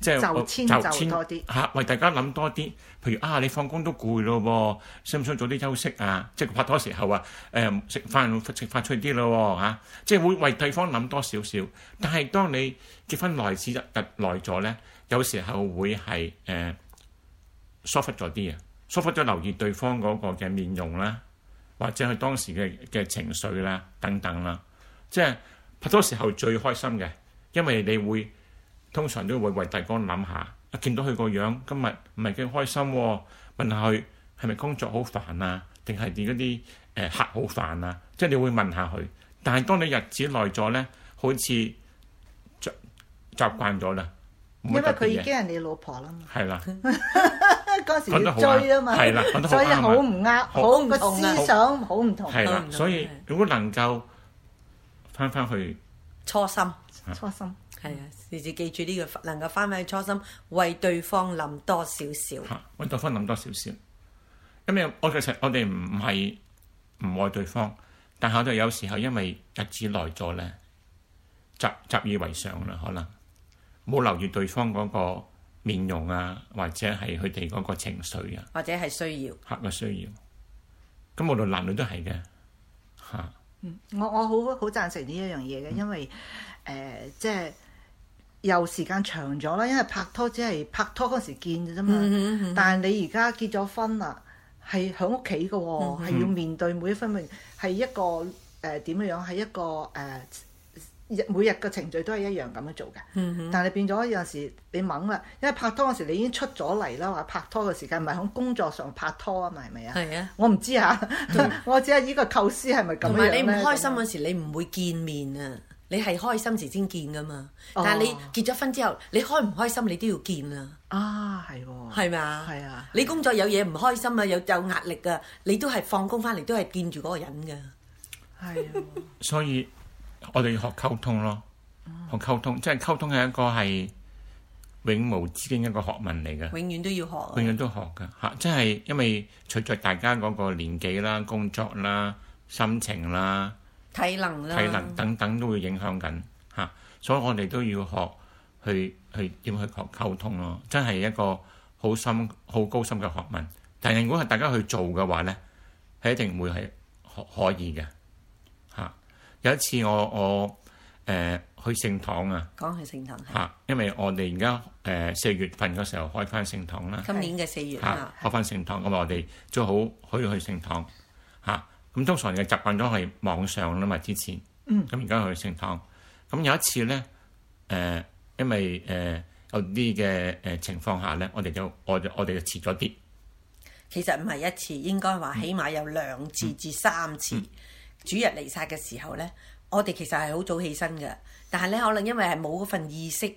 即係就遷就多啲嚇、啊，為大家諗多啲。譬如啊，你放工都攰咯，想唔想早啲休息啊？即係拍拖時候、呃、啊，誒食飯食飯出啲咯嚇。即係會為對方諗多少少。但係當你結婚耐時日耐咗咧，有時候會係誒疏忽咗啲啊，疏忽咗留意對方嗰個嘅面容啦，或者佢當時嘅嘅情緒啦等等啦。即係拍拖時候最開心嘅，因為你會。通常都會為大哥諗下，啊，見到佢個樣，今日唔係幾開心喎？問下佢係咪工作好煩啊？定係點嗰啲誒客好煩啊？即係你會問下佢。但係當你日子耐咗咧，好似習習慣咗啦。因為佢已經係你老婆啦嘛。係啦，嗰時要追啊嘛，所以好唔啱，好唔同。思想好唔同。係啦，所以如果能夠返返去初心，初心。係啊！時時記住呢、這個，能夠翻返去初心，為對方諗多少少、啊。為對方諗多少少。咁樣，我其實我哋唔唔係唔愛對方，但係有時候因為日子耐咗咧，習習以為常啦，可能冇留意對方嗰個面容啊，或者係佢哋嗰個情緒啊，或者係需要吓嘅需要。咁、啊啊、無論男女都係嘅。嚇、啊嗯！我我好好贊成呢一樣嘢嘅，嗯、因為誒、呃、即係。又時間長咗啦，因為拍拖只係拍拖嗰時見嘅啫嘛。Mm hmm. 但係你而家結咗婚啦，係喺屋企嘅喎，係、hmm. 要面對每一分秒，係、mm hmm. 一個誒點樣樣，係一個誒日、呃、每日嘅程序都係一樣咁樣做嘅。Mm hmm. 但係變咗有陣時你猛啦，因為拍拖嗰時你已經出咗嚟啦，話拍拖嘅時間唔係喺工作上拍拖啊嘛，係咪、mm hmm. 啊？係 啊、mm！Hmm. 我唔知嚇，我只係呢個構思係咪咁？唔係你唔開心嗰時，你唔會見面啊。你係開心時先見㗎嘛？哦、但係你結咗婚之後，你開唔開心你都要見啊！哦、吧啊，係喎，係咪？係啊！啊你工作有嘢唔開心啊，有有壓力啊，你都係放工翻嚟都係見住嗰個人㗎。係啊， 所以我哋要學溝通咯，學溝通，即係溝通係一個係永無止境一個學問嚟嘅，永遠都要學、啊，永遠都學㗎嚇、啊！即係因為隨着大家嗰個年紀啦、工作啦、心情啦。體能啦，等等都會影響緊嚇，所以我哋都要學去去點去學溝通咯，真係一個好深好高深嘅學問。但係如果係大家去做嘅話咧，係一定會係可可以嘅嚇。有一次我我誒、呃、去聖堂啊，講去聖堂嚇，因為我哋而家誒四月份嘅時候開翻聖堂啦，是今年嘅四月嚇，是是開翻聖堂，咁是我哋最好可以去聖堂。咁通常嘅習慣都係網上啦嘛，之前，咁而家去聖堂。咁有一次咧，誒，因為誒有啲嘅誒情況下咧，我哋就我我哋就遲咗啲。其實唔係一次，應該話起碼有兩次至三次。主日彌撒嘅時候咧，我哋其實係好早起身嘅，但係咧可能因為係冇嗰份意識，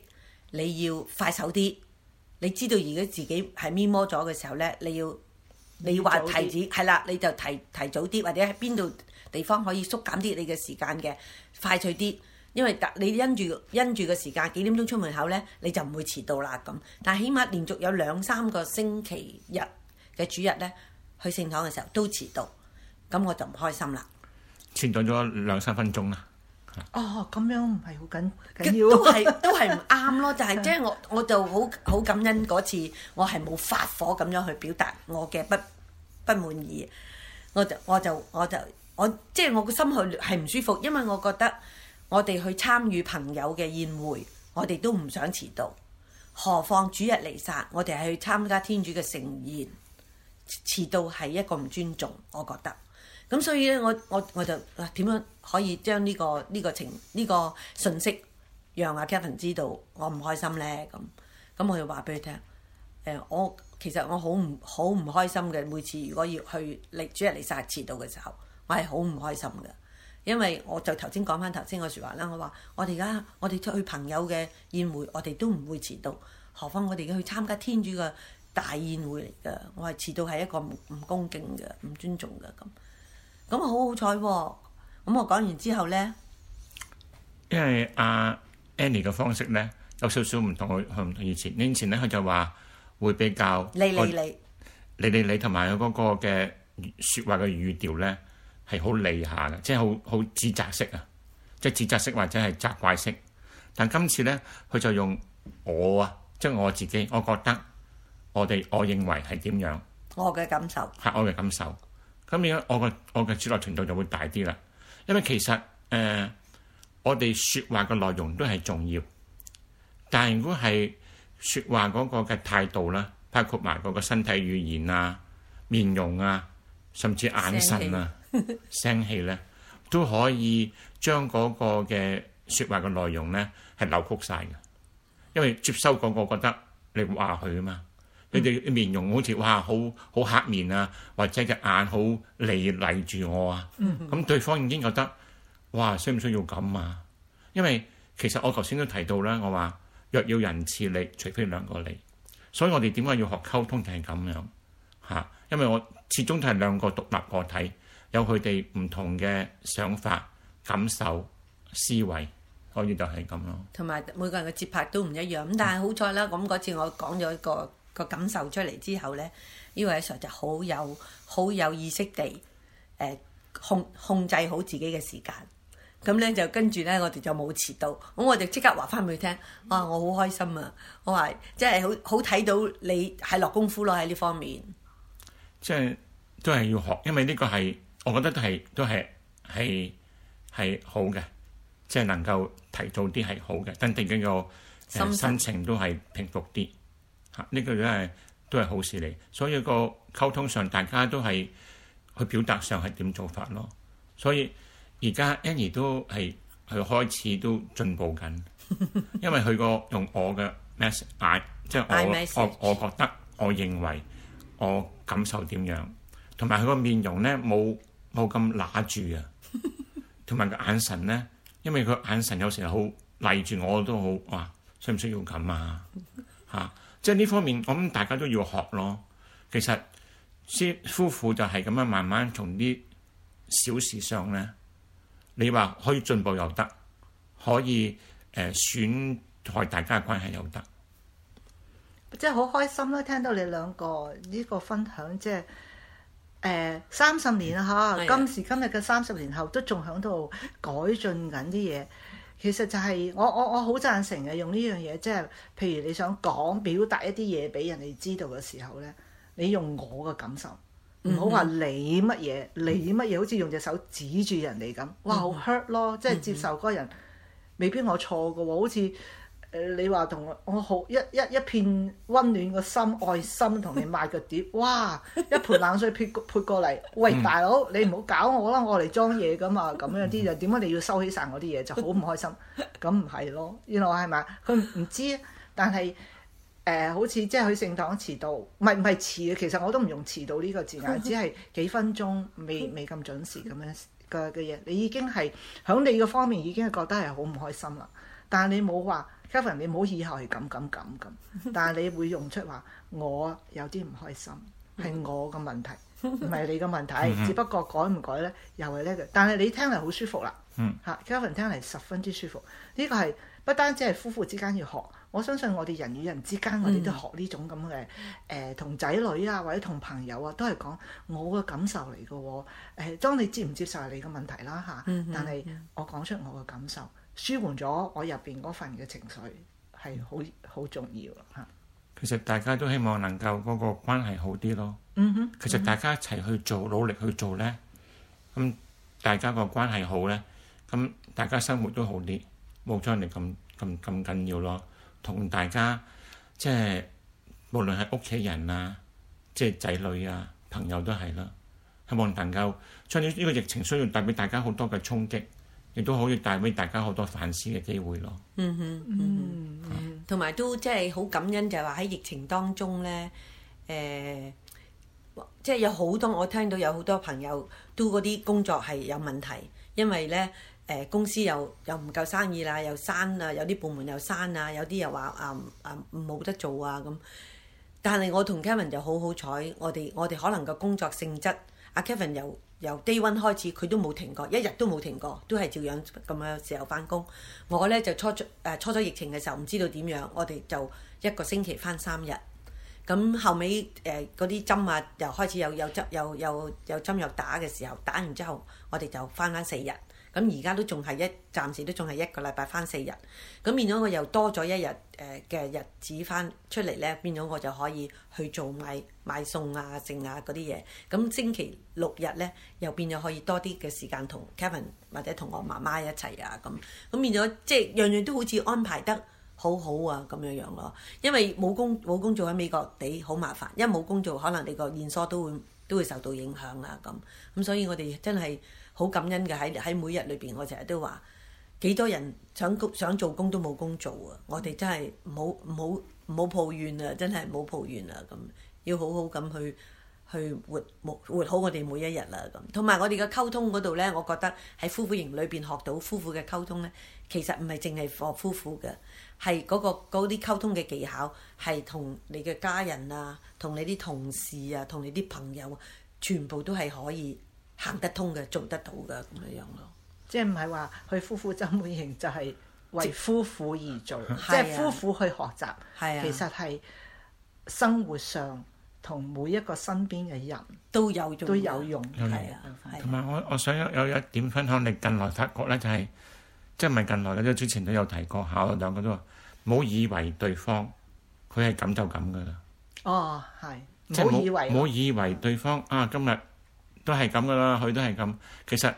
你要快手啲，你知道如果自己係咪摸咗嘅時候咧，你要。你話提子，係啦點，你就提提早啲，或者喺邊度地方可以縮減啲你嘅時間嘅快脆啲，因為你因住跟住嘅時間幾點鐘出門口呢，你就唔會遲到啦咁。但係起碼連續有兩三個星期日嘅主日呢，去聖堂嘅時候都遲到，咁我就唔開心啦。遲到咗兩三分鐘啦。哦，咁樣唔係好緊緊要， 都係都係唔啱咯。的就係即係我我就好好感恩嗰次，我係冇發火咁樣去表達我嘅不。不滿意，我就我就我就我即係我個心去係唔舒服，因為我覺得我哋去參與朋友嘅宴會，我哋都唔想遲到，何況主日彌撒，我哋係去參加天主嘅盛宴，遲到係一個唔尊重，我覺得。咁所以咧，我我我就點、啊、樣可以將呢、呢個呢、呢個情呢、呢個信息讓阿、啊、Kevin 知道我唔開心咧？咁咁我就話俾佢聽。誒，我其實我好唔好唔開心嘅。每次如果要去嚟主日彌撒遲到嘅時候，我係好唔開心嘅，因為我就頭先講翻頭先個説話啦。我話我哋而家我哋出去朋友嘅宴會，我哋都唔會遲到，何況我哋去參加天主嘅大宴會嚟嘅，我係遲到係一個唔唔恭敬嘅、唔尊重嘅咁。咁好好彩喎！咁我講完之後呢，因為阿、啊、Annie 嘅方式呢，有少少唔同，佢唔同以前。以前呢佢就話。會比較你你你，你你你同埋佢嗰個嘅説話嘅語調咧係好厲下嘅，即係好好指責式啊，即係指責式或者係責怪式。但今次咧，佢就用我啊，即係我自己，我覺得我哋我認為係點樣，我嘅感受係我嘅感受。咁而家我嘅我嘅接納程度就會大啲啦，因為其實誒我哋説話嘅內容都係重要，但係如果係說話嗰個嘅態度啦，包括埋嗰個身體語言啊、面容啊，甚至眼神啊、聲氣咧，都可以將嗰個嘅説話嘅內容咧係扭曲晒嘅。因為接收嗰個覺得你話佢啊嘛，嗯、你哋面容好似哇好好黑面啊，或者隻眼好嚟嚟住我啊，咁、嗯、哼對方已經覺得哇需唔需要咁啊？因為其實我頭先都提到啦，我話。若要人似你，除非兩個你，所以我哋點解要學溝通就係咁樣嚇，因為我始終都係兩個獨立個體，有佢哋唔同嘅想法、感受、思維，可以就係咁咯。同埋每個人嘅節拍都唔一樣，咁但係好彩啦，咁嗰次我講咗個一個感受出嚟之後咧，呢位阿 Sir 就好有好有意識地誒控控制好自己嘅時間。咁咧就跟住咧，我哋就冇遲到，咁我哋即刻話翻佢聽，哇、啊！我好開心啊！我話即係好好睇到你係落功夫咯喺呢方面，即係都係要學，因為呢個係我覺得係都係係係好嘅，即係能夠提早啲係好嘅，等自己個心情都係平復啲，嚇呢個都係都係好事嚟，所以個溝通上大家都係去表達上係點做法咯，所以。而家 Annie 都係佢開始都進步緊，因為佢個用我嘅 message，即係我我我覺得，我認為我感受點樣，同埋佢個面容咧冇冇咁乸住啊，同埋個眼神咧，因為佢眼神有時好賴住我都好話，需唔需要咁啊？嚇、啊，即係呢方面，我諗大家都要學咯。其實夫婦就係咁樣慢慢從啲小事上咧。你話可以進步又得，可以誒損害大家關係又得，即係好開心啦、啊！聽到你兩個呢個分享，即係誒三十年啦嚇，的今時今日嘅三十年後都仲喺度改進緊啲嘢。其實就係、是、我我我好贊成嘅，用呢樣嘢即係譬如你想講表達一啲嘢俾人哋知道嘅時候咧，你用我嘅感受。唔好話你乜嘢，你乜嘢，好似用隻手指住人哋咁，哇好 hurt 咯，即係接受嗰人，嗯、哼未必我錯㗎喎，好似誒、呃、你話同我，我好一一一片溫暖個心愛心同你抹個碟，哇一盆冷水潑潑過嚟，喂、嗯、大佬你唔好搞我啦，我嚟裝嘢咁啊，咁樣啲就點解你要收起晒我啲嘢，就好唔開心，咁唔係咯，原來係咪？佢唔知，但係。誒、呃，好似即係去聖堂遲到，唔係唔係遲嘅。其實我都唔用遲到呢個字眼，只係幾分鐘未未咁準時咁樣嘅嘅嘢。你已經係喺你嘅方面已經係覺得係好唔開心啦。但係你冇話，Kevin，你冇以後係咁咁咁咁。但係你會用出話，我有啲唔開心，係我嘅問題，唔係你嘅問題。只不過改唔改咧，又係咧、呢個。但係你聽嚟好舒服啦，嚇、嗯啊，Kevin 聽嚟十分之舒服。呢、呢個係不單止係夫婦之間要學。我相信我哋人與人之間，我哋都學呢種咁嘅誒，同仔女啊，或者同朋友啊，都係講我嘅感受嚟嘅喎。誒，當你接唔接受係你嘅問題啦嚇，但係我講出我嘅感受，舒緩咗我入邊嗰份嘅情緒係好好重要嚇。其實大家都希望能夠嗰個關係好啲咯。嗯哼，其實大家一齊去做，努力去做咧，咁大家個關係好咧，咁大家生活都好啲，冇咗人哋咁咁咁緊要咯。同大家即係無論係屋企人啊，即係仔女啊，朋友都係啦，希望能夠將呢呢個疫情需要帶俾大家好多嘅衝擊，亦都可以帶俾大家好多反思嘅機會咯、嗯。嗯哼，嗯哼，同、嗯、埋、啊、都即係好感恩，就係話喺疫情當中咧，誒、呃，即、就、係、是、有好多我聽到有好多朋友都嗰啲工作係有問題，因為咧。誒公司又又唔夠生意啦，又刪啊！有啲部門又刪又啊，有啲又話啊啊冇得做啊咁。但係我同 Kevin 就好好彩，我哋我哋可能個工作性質，阿 Kevin 由由 day one 開始，佢都冇停過，一日都冇停過，都係照樣咁樣時候返工。我咧就初初誒初初疫情嘅時候唔知道點樣，我哋就一個星期返三日。咁後尾誒嗰啲針啊又開始有有針有有有針藥打嘅時候，打完之後我哋就返返四日。咁而家都仲係一，暫時都仲係一個禮拜翻四日，咁變咗我又多咗一日誒嘅日子翻出嚟咧，變咗我就可以去做買買餸啊、剩啊嗰啲嘢。咁星期六日咧，又變咗可以多啲嘅時間同 Kevin 或者同我媽媽一齊啊咁。咁變咗即係樣樣都好似安排得好好啊咁樣樣咯。因為冇工冇工做喺美國地好麻煩，因為冇工做，可能你個線索都會都會受到影響啊。咁。咁所以我哋真係。好感恩嘅喺喺每日裏邊，我成日都話幾多人想想做工都冇工做啊！我哋真係冇冇冇抱怨啊！真係唔好抱怨啊！咁要好好咁去去活活活好我哋每一日啦咁。同埋我哋嘅溝通嗰度咧，我覺得喺夫婦營裏邊學到夫婦嘅溝通咧，其實唔係淨係夫夫婦嘅，係嗰、嗰個嗰啲溝通嘅技巧係同你嘅家人啊、同你啲同事啊、同你啲朋友全部都係可以，行得通嘅，做得到嘅咁樣樣咯，即係唔係話佢夫婦周滿盈就係為夫婦而做，即係夫婦去學習，其實係生活上同每一個身邊嘅人都有用，都有用，同埋我我想有一點分享，你近來發覺咧就係即係唔係近來咧，即之前都有提過，考慮兩個都話，唔好以為對方佢係咁就咁噶啦。哦，係，唔好以為，唔好以為對方啊，今日。都係咁噶啦，佢都係咁。其實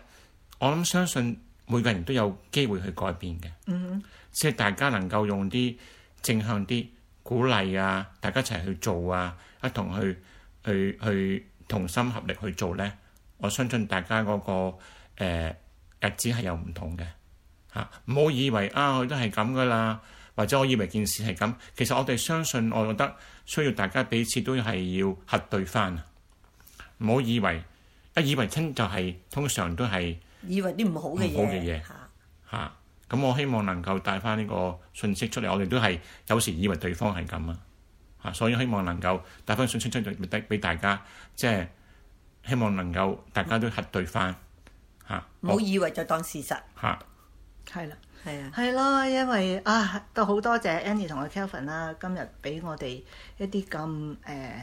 我諗，相信每個人都有機會去改變嘅，嗯哼，即係大家能夠用啲正向啲鼓勵啊，大家一齊去做啊，一同去去去同心合力去做咧。我相信大家嗰個誒日子係有唔同嘅嚇。唔好以為啊，佢都係咁噶啦，或者我以為件事係咁。其實我哋相信，我覺得需要大家彼此都係要核對翻。唔好以為。以為親就係通常都係以為啲唔好嘅嘢，嘅嘢嚇。咁我希望能夠帶翻呢個信息出嚟，我哋都係有時以為對方係咁啊嚇，所以希望能夠帶翻信息出嚟，俾得俾大家即係，希望能夠大家都核對翻嚇。唔好、啊、嗯、啊、以為就當事實嚇，係啦，係啊，係咯，因為啊，都好多謝 Annie 同阿 Kelvin 啦、啊，今日俾我哋一啲咁誒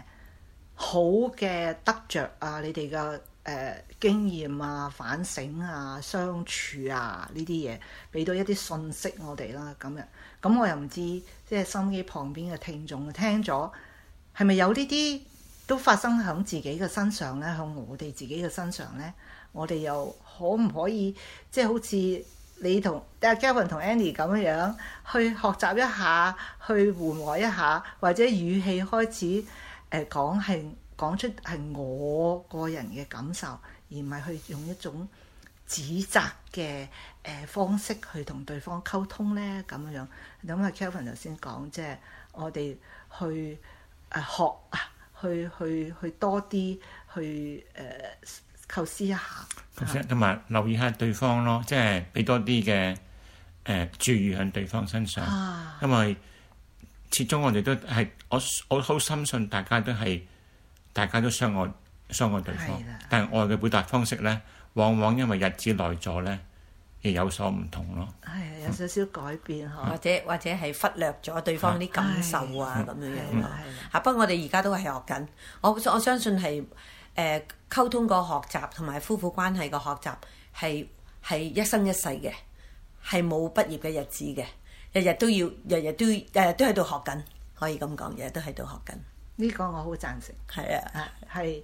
好嘅得着啊，你哋嘅。誒、呃、經驗啊、反省啊、相處啊呢啲嘢，俾到一啲信息我哋啦，咁樣，咁我又唔知，即係心機旁邊嘅聽眾聽咗，係咪有呢啲都發生喺自己嘅身上咧？喺我哋自己嘅身上咧，我哋又可唔可以，即、就、係、是、好似你同阿 Kevin、啊、同 Annie 咁樣，去學習一下，去緩和一下，或者語氣開始誒、呃、講興。講出係我個人嘅感受，而唔係去用一種指責嘅誒、呃、方式去同對方溝通咧。咁樣諗下，Kelvin 頭先講即係、就是、我哋去誒學啊，學去去去，去多啲去誒、呃、構思一下，同埋留意下對方咯，即係俾多啲嘅誒注意喺對方身上，啊、因為始終我哋都係我我好深信大家都係。大家都相愛，相愛對方，的但係愛嘅表達方式咧，往往因為日子耐咗咧，亦有所唔同咯。係啊，有少少改變嗬、嗯。或者或者係忽略咗對方啲感受啊，咁的、啊、樣樣咯。嚇！不過、啊、我哋而家都係學緊，我我相信係誒、呃、溝通嘅學習同埋夫婦關係嘅學習係係一生一世嘅，係冇畢業嘅日子嘅，日日都要，日日都誒都喺度學緊，可以咁講，日日都喺度學緊。呢個我好贊成，係啊，係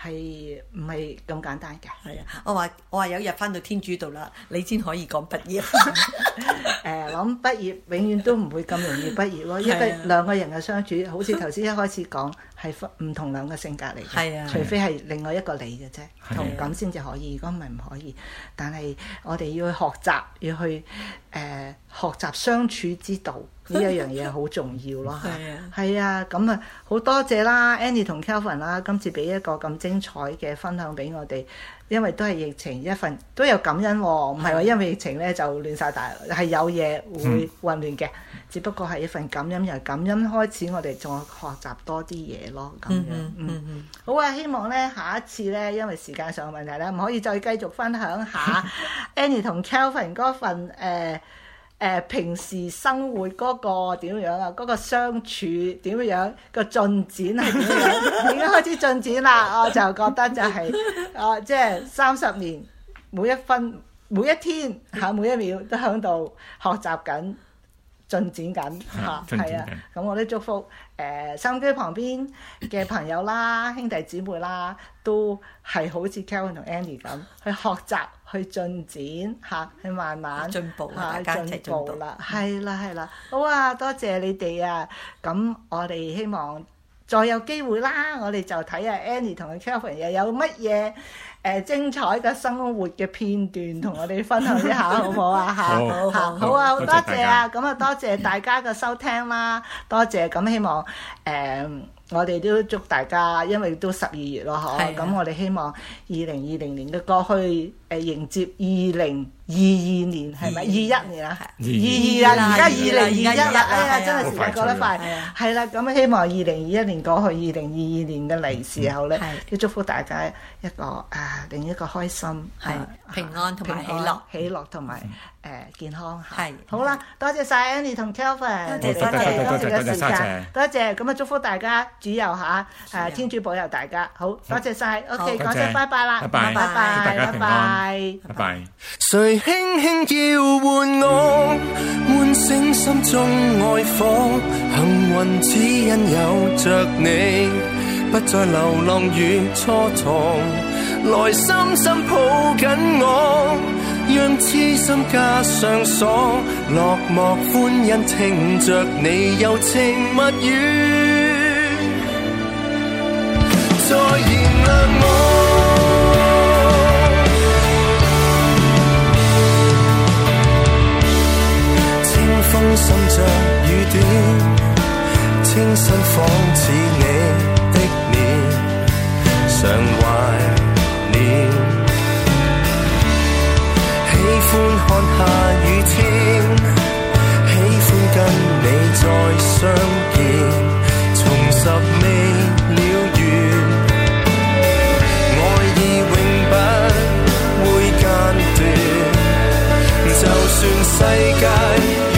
係唔係咁簡單嘅？係啊，我話我話有日翻到天主度啦，你先可以講畢業。誒、 呃，諗畢業永遠都唔會咁容易畢業咯，啊、因為兩個人嘅相處，好似頭先一開始講。 係唔同兩個性格嚟，嘅、係啊，除非係另外一個你嘅啫，同咁先至可以。如果唔係唔可以。但係我哋要去學習，要去誒、呃、學習相處之道呢一 樣嘢好重要咯。係 啊，係啊，咁啊好多謝啦，Andy 同 Kelvin 啦，今次俾一個咁精彩嘅分享俾我哋。因為都係疫情一份，都有感恩喎，唔係話因為疫情咧就亂晒大，係有嘢會混亂嘅，嗯、只不過係一份感恩，由感恩開始，我哋再學習多啲嘢咯，咁樣。嗯嗯。嗯嗯好啊，希望咧下一次咧，因為時間上嘅問題咧，唔可以再繼續分享下 Annie 同 Kelvin 嗰份誒。呃呃、平時生活嗰個點樣啊？嗰、嗰個相處點樣樣嘅，個進展係點樣？ 已經開始進展啦！我就覺得就係，是，哦、呃，即係三十年每一分、每一天嚇、啊、每一秒都喺度學習緊，進展緊嚇，係啊！咁 著、啊、我都祝福誒收音機旁邊嘅朋友啦、兄弟姊妹啦，都係好似 Kevin 同 Andy 咁去學習。去進展嚇、啊，去慢慢進步啦，大家進步啦，係啦係啦，好啊，多謝你哋啊！咁我哋希望再有機會啦，我哋就睇下、啊、Annie 同佢 Kelvin 又有乜嘢誒精彩嘅生活嘅片段，同我哋分享一下好唔好啊？嚇，好，啊好，好多謝啊！咁啊，多謝大家嘅收聽啦，多謝咁希望誒、呃，我哋都祝大家，因為都十二月咯，嗬，咁的我哋希望二零二零年嘅過去。誒迎接二零二二年係咪二一年啊？二二啊，而家二零二一啦！哎呀，真係時間過得快，係啦。咁希望二零二一年過去，二零二二年嘅嚟時候咧，要祝福大家一個啊，另一個開心、平安同埋喜樂、喜樂同埋誒健康。係好啦，多謝晒。Annie 同 Telfer，多謝曬你哋今日嘅時間，多謝咁啊，祝福大家主佑嚇，誒天主保佑大家，好多謝曬。OK，講拜拜啦，拜拜，拜拜，拜拜。拜拜。誰輕輕叫喚我，喚醒心中愛火。幸運只因有着你，不再流浪與蹉跎。來深深抱緊我，讓癡心加上鎖。落寞歡欣聽着你柔情蜜語，再燃亮我。滲着雨點，清新仿似你的臉，常懷念。喜歡看下雨天，喜歡跟你再相見，重拾未了緣，愛意永不會間斷。就算世界。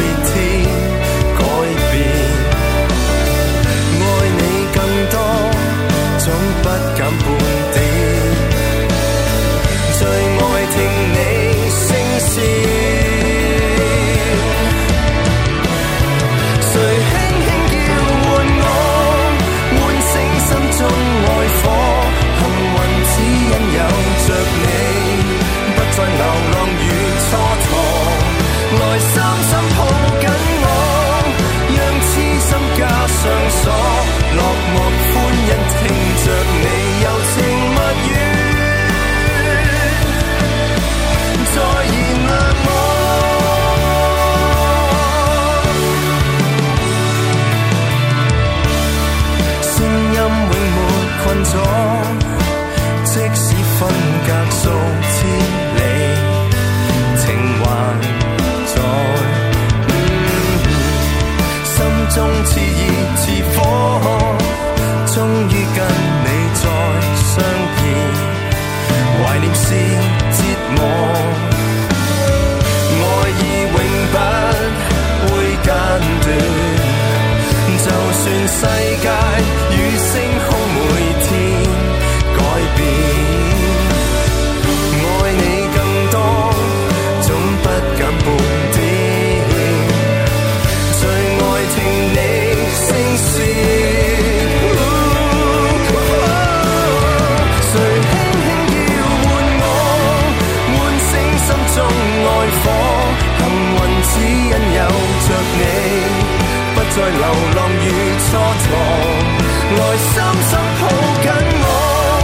在流浪與蹉跎，來深深抱緊我，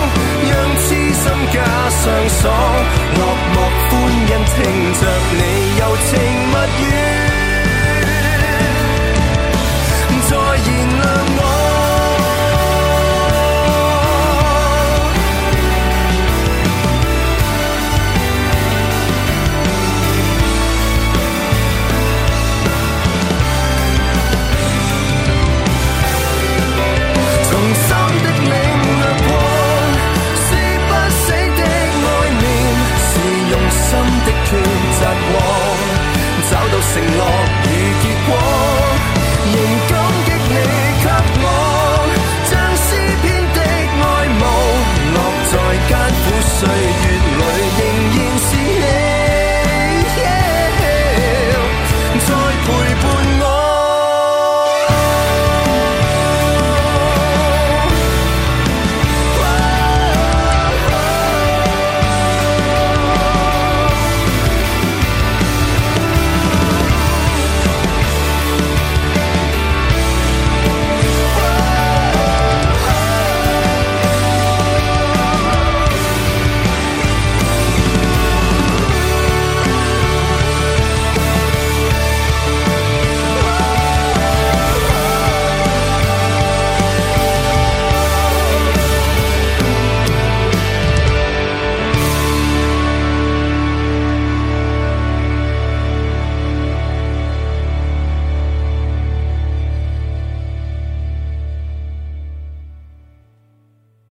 讓痴心加上鎖，落寞歡欣聽着你柔情蜜語。